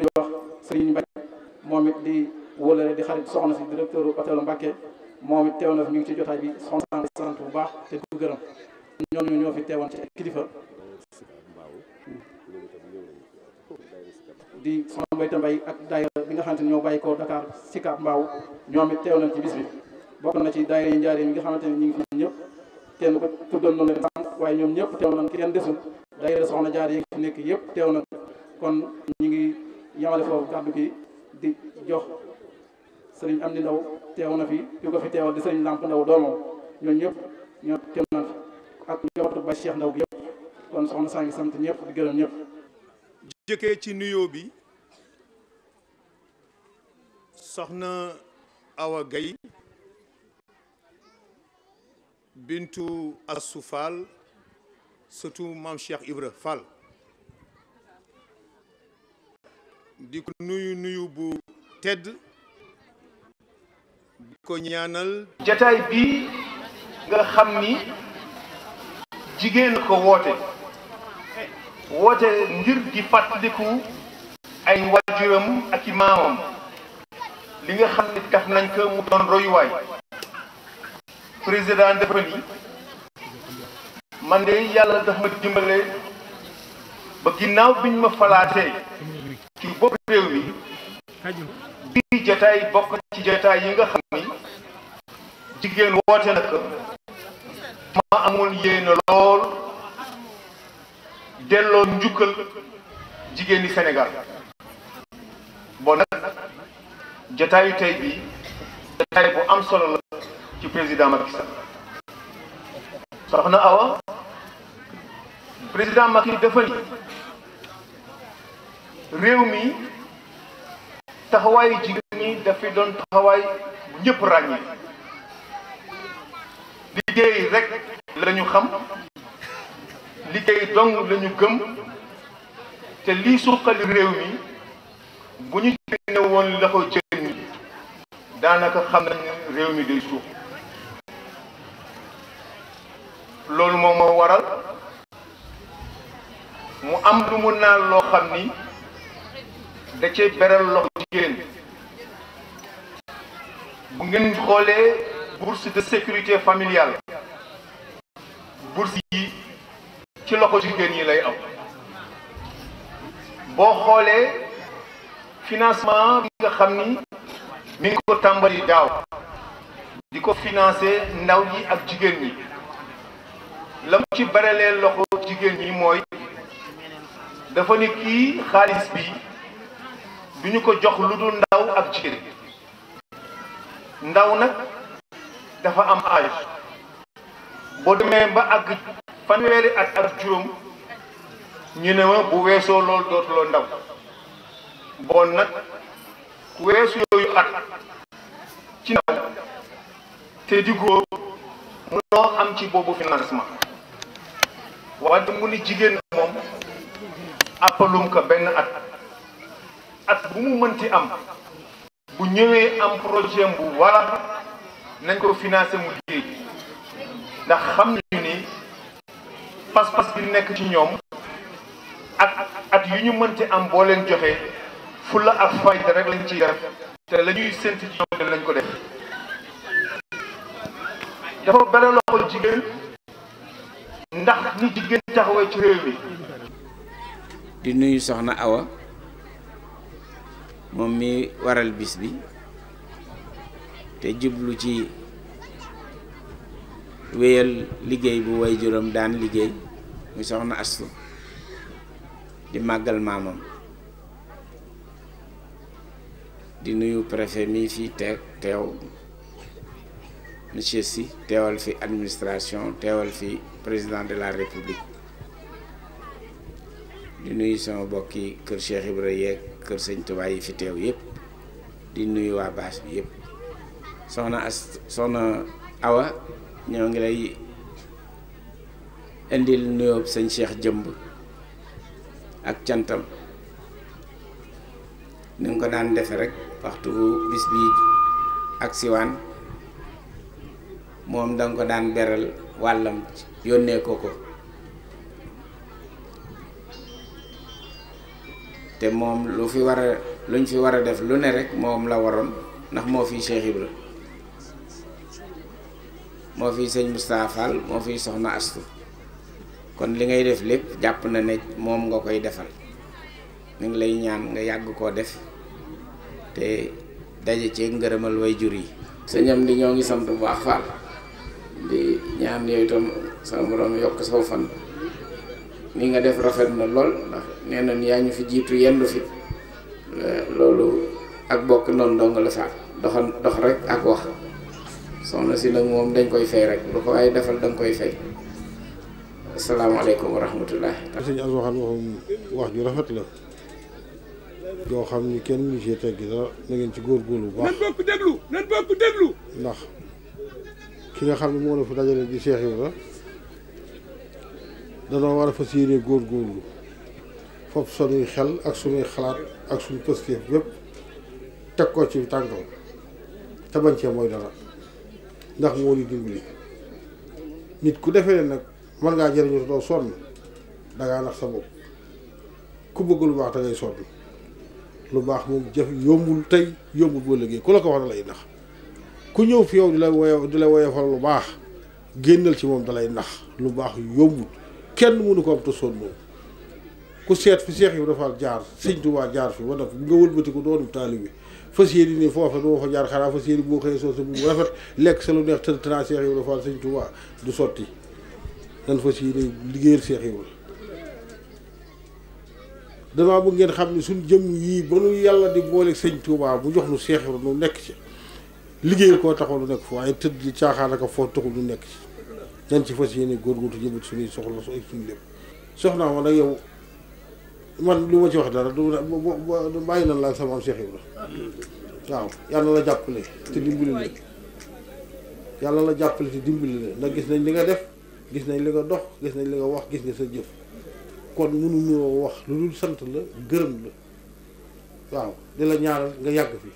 dañuy wax Serigne Mbacke di wóolale di xarit soxna si directeur hôtel moom teew na ñu ngi ci jotaay bi soxna sant bu baax te du gërëm ñoo fi teewoon ci kilifa di soxna Mbayta Mbay ak daayira bi nga xamante ni ñoo bàyyi ko Dakar Sicap Mbao ñoom it teew nañ ci bis bi na ci daayira yi njaaree yi nga xamante ni ñu ngi fi ñëpp kenn ko tuddoon noonu leen sant waaye ñoom ñëpp teew nañ kenn desul daayira soxna jaar yi fi nekk yëpp teew nañ kon ñu ngi yamale foofu kàddu gi di jox sëriñ am di ndaw teew na fi yu ko fi teewal di sëriñ làmp ndaw doomam ñooñu ñëpp ñoo teew na fi ak njabootu ba Cheikh Ndaw gi yëpp kon soxna saa ngi sant ñëpp di ci nuyoo bi soxna Awa Gaye bintu Assou Fall surtout maam Cheikh Ibra Fall di ko nuyu nuyu bu tedd di ko ñaanal jataay bii nga xam ni jigéen ko woote woote ngir di fàttaliku ay waajuram ak i maamam li nga xam ni tax nañ ko mu doon royuwaay président dafa ni man de yàlla daf ma dimbale ba ginnaaw biñ ma falaatee ci bopp réew mi bii jotaay bokk ci jotaay yi nga xam ni jigéen woote na ko ma amul yéene lool delloo njukkal jigéen ñi Sénégal bon nag jotaayu tey bi jotaay bu am solo la ci président Macky Sall soxna Awa président Macky dafa ni réew mi taxawaayu jigéen ñi dafay doon taxawaay bu ñëpp ràññee liggéey rek lañu ñu xam liggéey dong la ñu gëm te lii suqali réew mi bu ñu génne woon jën ñi daanaka xam nañ réew mi day suux loolu moom moo waral mu am lu mu naan loo xam ni da cee beral loxo jigéen bu ngeen xoolee bourse de sécurité familiale bourse yi ci loxo jigéen yi lay am boo xoolee financement bi nga xam ni mi ngi ko tàmbali daaw di ko financer ndaw yi ak jigéen ñi la mu ci beralee loxo jigéen ñi mooy dafa ni kii xaalis bi du ñu ko jox lu dul ndaw ak cër ndaw nag dafa am âge boo demee ba àgg fanweeri at ak juróom ñu ne bu weesoo lool dootuloo ndaw bon nag ku weesu yooyu at ci ndaw te di góor munoo am ci boobu financement wante mu ni jigéen moom appalum ko benn at at bu mu mënti am bu ñëwee am projet bu wala nañ ko financé mu liggéey ndax xam nañu ni pas-pas bi nekk ci ñoom ak at yu ñu mënti am boo leen joxee fulla ak fayda rek lañ ciy def lañ ko def dafa bere loxo jigéen ndax ni jigéen taxawee ci réew mi di nuyu soxna Awa je mi waral bis te liguez ci wéyal liggéey bu way daan liggéey muy soxna astu di magal mamam di nuyu préfet mi fi monsieur fi administration téwal fi président de la république di nuyu sama bokki kër Cheikh Ibra yek kër seigne touba yi fi tew yep di nuyu wa bass bi yep soxna as soxna Awa ñoo ngi lay andil nuyu seigne Cheikh jëmb ak cantam ni nga ko daan def rek waxtu bis bi ak siwan mom dang ko daan beral walam yonne ko ko te moom lu fi war a luñ fi war a def lu ne rek moom la waroon ndax moo fi Cheikh Ibra moo fi sëñ Moustapha Fall moo fi Soxna Astu kon li ngay def lépp jàpp na ne moom nga koy defal mi ngi lay ñaan nga yàgg koo def te daje cee ngërëmal way jur yi sëñam di ñoo ngi sant bu baax Fall di ñaan yooyu itam sa borom yokk saw fan li nga def rafet na lool ndax nee nañ yaa ñu fi jiitu yendu fi loolu ak bokk noonu dong la fa doxal dox rek ak wax soxna si nag moom dañ koy fay rek lu ko waaye defal da nga koy fay asalaamaaleykum wa rahmatulah. sëñ as waxal wax ju rafet la yoo xam ni kenn mu ci teggi dara na ngeen ci góor bu baax. nan bokk déglu ndax ki nga xam ne moo la fi di Seex Ibra danoo war a fas yéene góorgóorlu fopp sunuy xel ak sunuy xalaat ak suñu pëstéef yépp teg ko ci tànkam te bañ cee mooy dara ndax moo di dimbali nit ku defee nag mën ngaa jëriñu doo sonn dangaa nax sa bopp ku bëgg lu baax da ngay sonn lu baax moom jëf yombul tey yombul boo liggéey ku la ko wax da lay nax ku ñëw fi yow di la woye di la woyefal lu baax génnal ci moom da lay nax lu baax yombul kenn mënu ko am te sonnoo ku seet fi Cheikh Ibrahima Fall jaar Sëñ Tuubaa jaar fi wala nga wëlbatiku doonu taalibe bi fas yéene nii fa jaar xanaa fas yéene boo xëyee soo rafet lekk sa lu neex tën tënaa Cheikh du sotti nan fas yéene liggéeyal Cheikh Ibrahima damaa bëgg ngeen xam ne suñ jëmm yii ba nu yàlla di boole Sëñ Tuubaa bu jox nu Cheikh Ibrahima nu nekk ci liggéeyal koo taxoon lu nekk fa waaye tëdd caaxaan ak foo taxul lu nekk ci dañ ci fas yéene góorgóorlu jëmbat suñuy soxla su suñu lépp soxnaa ma nag yow man lu ma ci wax dara du bàyyi na la sama am Cheikh Ibrahima waaw yàlla la jàppale te dimbali la yàlla la jàppale te dimbali la ndax gis nañ li nga def gis nañ li nga dox gis nañ li nga wax gis nañ sa jëf kon mënuñoo wax lu dul sant la gërëm la waaw di la ñaaral nga yàgg fi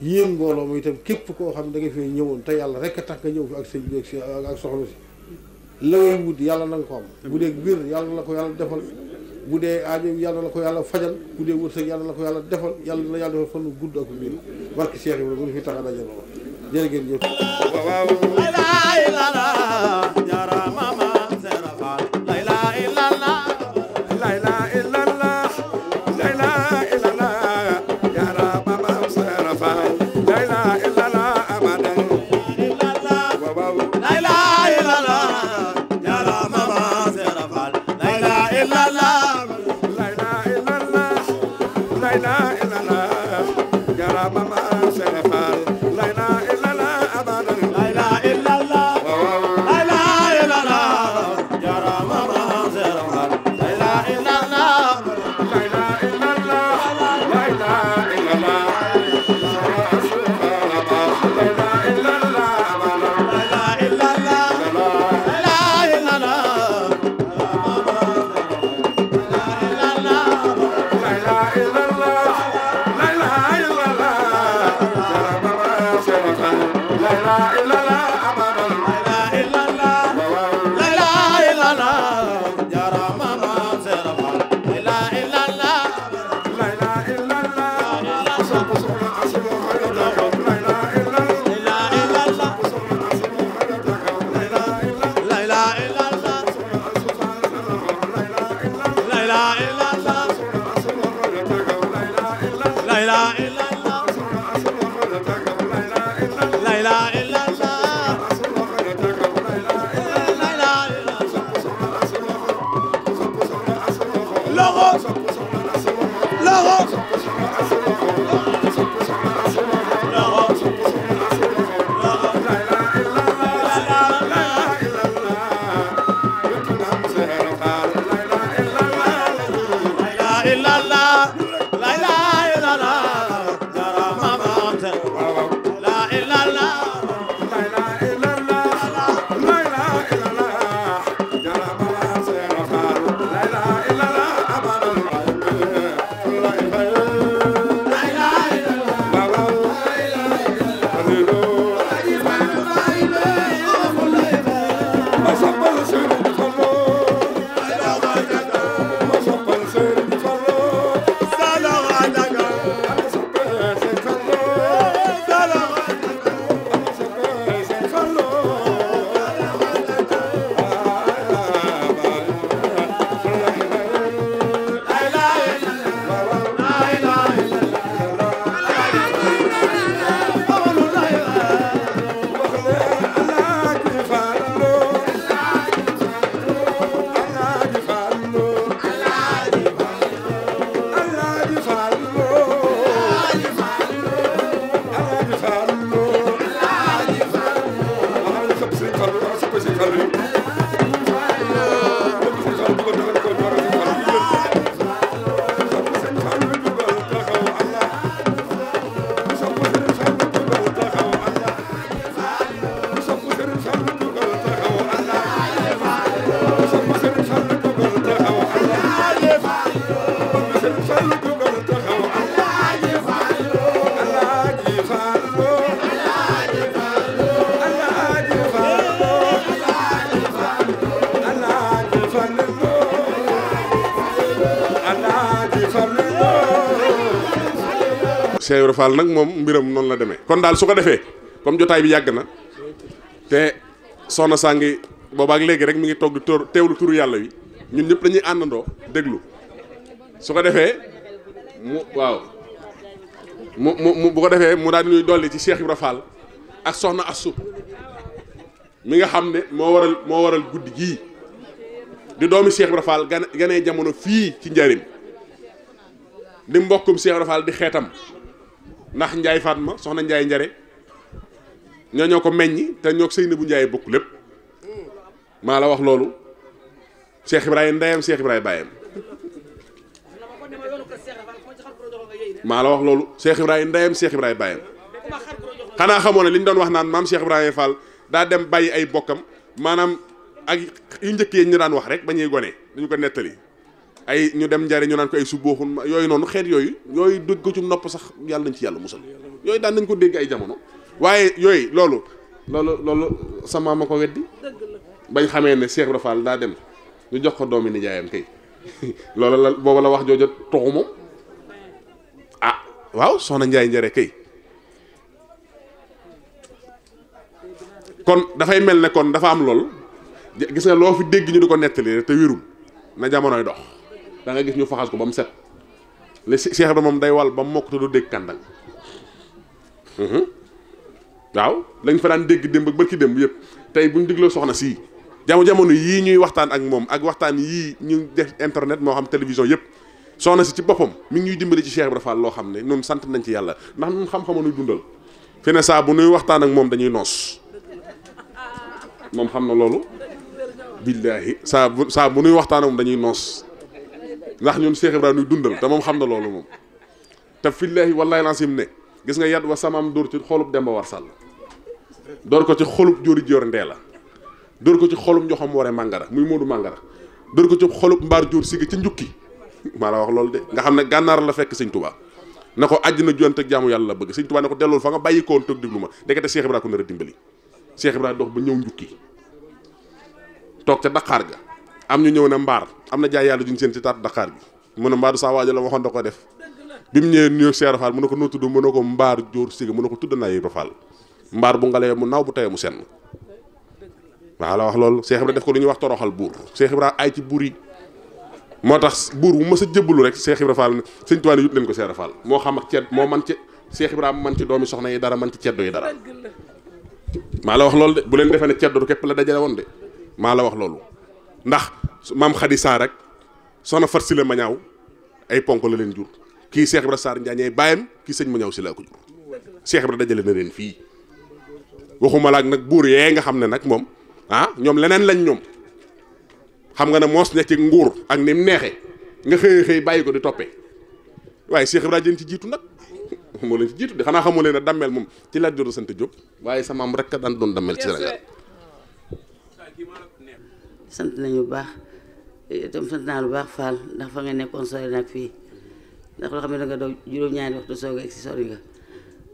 yéen mbooloo mi itam képp koo xam ne da nga fee ñëwoon te yàlla rek a tax nga ñëw fi ak sëñ ak soxla si la ngay yàlla na nga ko am bu dee biir yàlla la ko yàlla defal bu dee aajo yàlla la ko yàlla fajal bu dee wërsëg yàlla la ko yàlla defal yàlla na yàlla defal fan gudd ak biir barki Cheikh Ibrahima bu fi tax a daje lool jërë ngeen jëf Fall nag moom mbiram noonu la demee kon daal su ko defee comme jotaay bi yàgg na te soxna saa ngi boobaak léegi rek mu ngi toog di teewlu turu yàlla wi ñun ñëpp dañuy àndandoo déglu su ko defee mu waaw mu mu bu ko defee mu daal di ñuy dolli ci Cheikh Ibra Fall ak soxna Assu mi nga xam ne moo waral moo waral guddi gii di doomi Cheikh Ibra Fall gane ganee jamono fii ci njariñ di mbokkum Cheikh Ibra di xeetam ndax njaay Ndiaye Fatma soxna njaay Njare ñoo ñoo ko meññi te ñoo sëy na bu Ndiaye bokk lépp maa la wax loolu Cheikh Ibrahima ndeyam Cheikh Ibrahima baayam maa la wax loolu Cheikh Ibrahima ndeyam Cheikh Ibrahima baayam xanaa xamoo ne li ñu doon wax naan maam Cheikh Ibrahima Fall daa dem bàyyi ay bokkam maanaam ak yu njëkk yi ñu daan wax rek ba ñuy gone dañu ko nettali. ay ñu dem njare ñu naan ko ay subbooxun yooyu noonu xeet yooyu yooyu dégg ko ci nopp sax yàlla nañ ci yàlla musal yooyu daan nañ ko dégg ay jamono waaye yooyu loolu loolu loolu sama ma weddi bañ xamee ne Cheikh Ibra Fall jox ko doomi nijaayam kay loolu wax jooju toxu moom ah waaw Njaay njare kay kon dafay mel ne kon dafa am lool gis nga loo fi dégg ñu di ko nettali te wérul na jamonoy dox da gis ñu faxas ko ba mu set li Cheikh Ibra moom day wal ba mu mokk te du dégg kàndang mhm. waaw lañ fa daan dégg démb ak barki démb yëpp tey buñ dégloo soxna sii jamono jamono yii ñuy waxtaan ak moom ak waxtaan yii ñu def internet moo xam télévision yëpp soxna si ci boppam mi ngi ñuy dimbali ci Cheikh Ibra loo xam ne ñun sant nañ ci yàlla ndax ñun xam-xamu nuy dundal fi ne saa bu nuy waxtaan ak moom dañuy noos moom xam na loolu billaahi saa bu saa bu nuy waxtaan ak moom dañuy noos ndax ñoom Cheikh Ibrahima ñuy dundal te moom xam na loolu moom te fillaahi wallaahi lancim ne gis nga yat wa samam dóor ci dem Demba War Sall door ko ci xolub Jóori Joor Ndeela dóor ko ci xolub Njoxam Wore Màngara muy Moodu Màngara dóor ko ci xolub Mbaar Jóor Siga ci njukki maa la wax loolu de nga xam ne gànnaar la fekk Sëñ tubaa na ko àjjana na ak jaamu yàlla la bëgg Sëñ Tuubaa na ko dellul fa nga bàyyi koon toog diglu ma dekete Cheikh Ibrahima ko nar a dimbali Cheikh Ibrahima dox ba ñëw njukki toog ca Dakar am ñu ñëw ne mbar am na jaay yalla duñ seen ci tat Dakar bi mu ne mbaar saa waajo la waxon da ko def bim ñew ñëwee nuyu Cheikh Fall mu ne ko noo tudd mu ne ko mbar jóor siga mu ne ko tudd na yi Fall mbar bu ngalé mu naw bu tawee mu sen waaw la wax loolu Cheikh ibrahim def ko lu ñuy wax toroxal bur Cheikh ibrahim ay ci buri motax bur tax buur bu mës a rek Cheikh ibrahim Fall sëñ Tuubaa yut leen ko Cheikh Fall mo xam ak ceeb mo man ci Cheikh ibrahim man ci doomi soxna yi dara man ci ceddo yi dara maa la wax loolu de bu leen defee ne ceddo du la dajale won de maa la wax loolu ndax maam Khady Sarr rek soxna Fat Sylla Mañaaw ay ponk la leen jur kii Cheikh Ibra Sarr Njaañee bàyyam kii sëñ Mañaaw Sylla ko jur Cheikh Ibra dajale na leen fii waxuma laak nag buur yee nga xam ne nag moom ah, ñoom leneen lañ ñoom xam nga ne moos ne ci nguur ak ni mu neexee nga xëy xëy bàyyi ko di toppee waaye Cheikh Ibra jën ci jiitu nag moo leen ci jiitu de xanaa xamu leen ne dammel moom ci laaj joro sant Diop waaye sa maam rek ka doon dammel ci Sénégal sant nañ bu baax itam sant naa lu baax Fall ndax fa nga nekkoon sori nag fii ndax loo xam ne danga doog juróom-ñaari waxtu soog ak si sori nga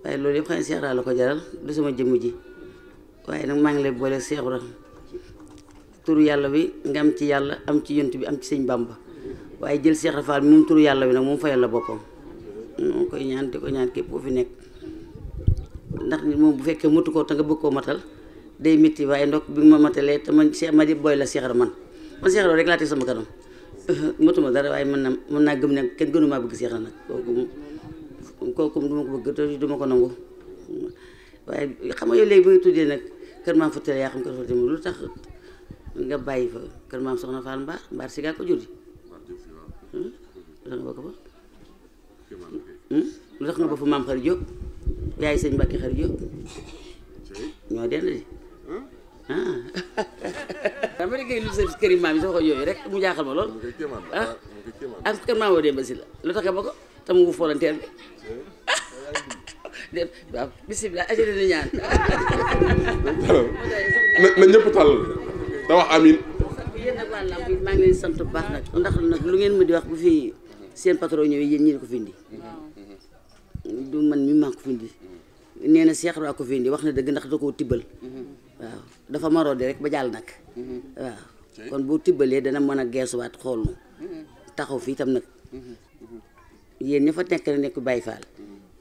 waaye loolu yëpp xëy na Cheikh la ko jaral du sama jëmm ji waaye nag maa ngi lay boole Cheikh Ibra turu yàlla wi nga am ci yàlla am ci yont bi am ci sëñ Bamba waaye jël Cheikh Rafal moom turu yàlla wi nag moom fayal la boppam moom koy ñaan di ko ñaan képp ku fi nekk ndax nit moom bu fekkee motu ko te nga bëgg koo matal day métti waaye ndox bi ma matalee te man Cheikh ma di booy la Cheikh man man Cheikh rek laa teg sama kanam matuma dara waaye mën naa gëm ne kenn gënu maa bëgg Cheikh nag kooku kooku du ko bëgg te du ma ko nangu waaye xam nga yow léegi bi nga tuddee nag kër maam Faty yaa xam kër Faty lu tax nga bàyyi fa kër maam soxna Fall Mbaar Mbaar si gaa ko jur gi danga bokk ba lu tax nga ba hmm? fa maam xarit yaay sëñ Mbàkke xarit Jóob ñoo dend di ah ma déggee lu sa kër maam yi sa ko yooyu rek mu jaaxal ma lool ah ak ah, kër maam Demba Sylla lu tax ba ko te mu ngi volontaire bi déet waaw bisimilah ajale na ñaan. na na ñëpp tàllal wax amin yéen maa ngi leen sant bu baax nag ndax nag lu ngeen ma di wax bu fi seen patron ñëwee yéen ñii ko fi indi du man mi maa ko fi indi nee na Cheikh Ra ko fi indi wax na dëgg ndax da koo tibbal mm-hmm. waaw dafa maroodi rek ba jàll nag mm-hmm. waaw kon boo tibbalee dana mën a geesuwaat xool nu mm-hmm. taxaw fii tam nag mm-hmm. yéen ña fa nekk nekk Baay Faal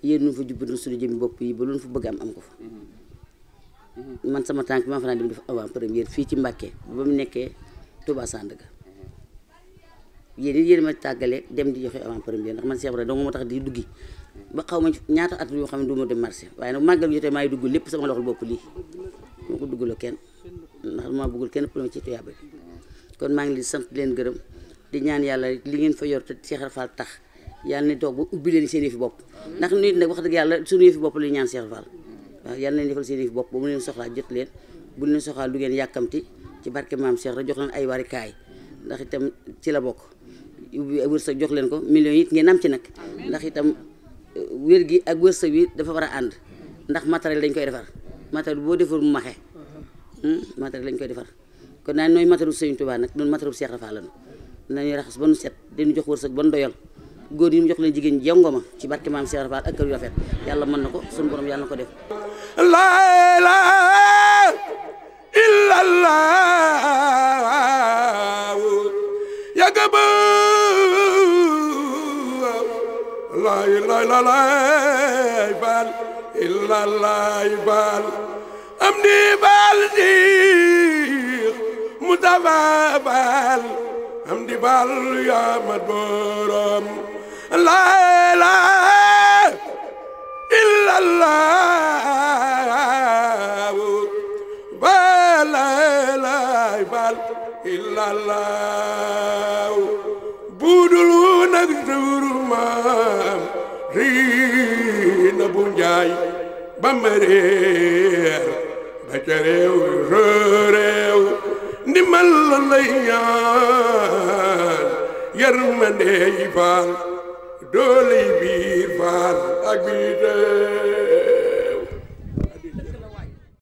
yéen ñu fa jubbandu suñu jëmi bopp yi ba lu fa bëgg am am ko fa man sama tànk maa fa naa dem def avant première fii ci Mbàkke ba mu nekkee Touba Sandaga yéen it yéen ma tàggale dem di joxe avant première ndax man Cheikh Ibrahima moo tax di duggi ba xaw ma ñaata at yoo xam ne du ma dem marché waaye nag màggal jotee maay dugg lépp sama loxol bopp lii ma ko duggala kenn ndax ma bëggul kenn problème ci tuyaaba bi kon maa ngi leen sant leen gërëm di ñaan yàlla li ngeen fa yor te Cheikh tax yàlla ni toog ba ubbi leen seen yëfi ndax nit nag wax dëgg yàlla suñu yëfi bopp la ñaan Cheikh Ibra Fall waaw leen bopp ba leen soxlaa jot leen bu leen soxaa du ngeen yàkkamti ci barke maam Cheikh rek jox leen ay warikaay ndax itam ci la bokk ubbi wërsëg jox leen ko millions it ngeen am ci nag ndax itam wér gi ak wërsëg wi dafa war a ànd ndax matériel dañ koy defar matériel boo defar mu maxe hmm, matériel lañ koy defar kon naa nooy matériel Sëriñ Tuubaa nag noonu matériel Seex Rafaa lañu nañuy raxas ba nu set dañu jox wërsëg ba nu doyal góor yi mu jox leen jigéen jongoma ci barke maam Seex Rafaa ak yu rafet yàlla mën na ko suñu yàlla na ko def laa ilaaha illallaah yagaba laa ilaaha إلا الله يبال أمني بالديخ مدفع بال أمني بال يا مدبورم لا إله إلا الله بال لا بال إلا الله بودلو نكتور ما رينا بنجاي ba ma ba ca réew réew ndimbal la lay ñaan yërmande faal doole biir faal ak biite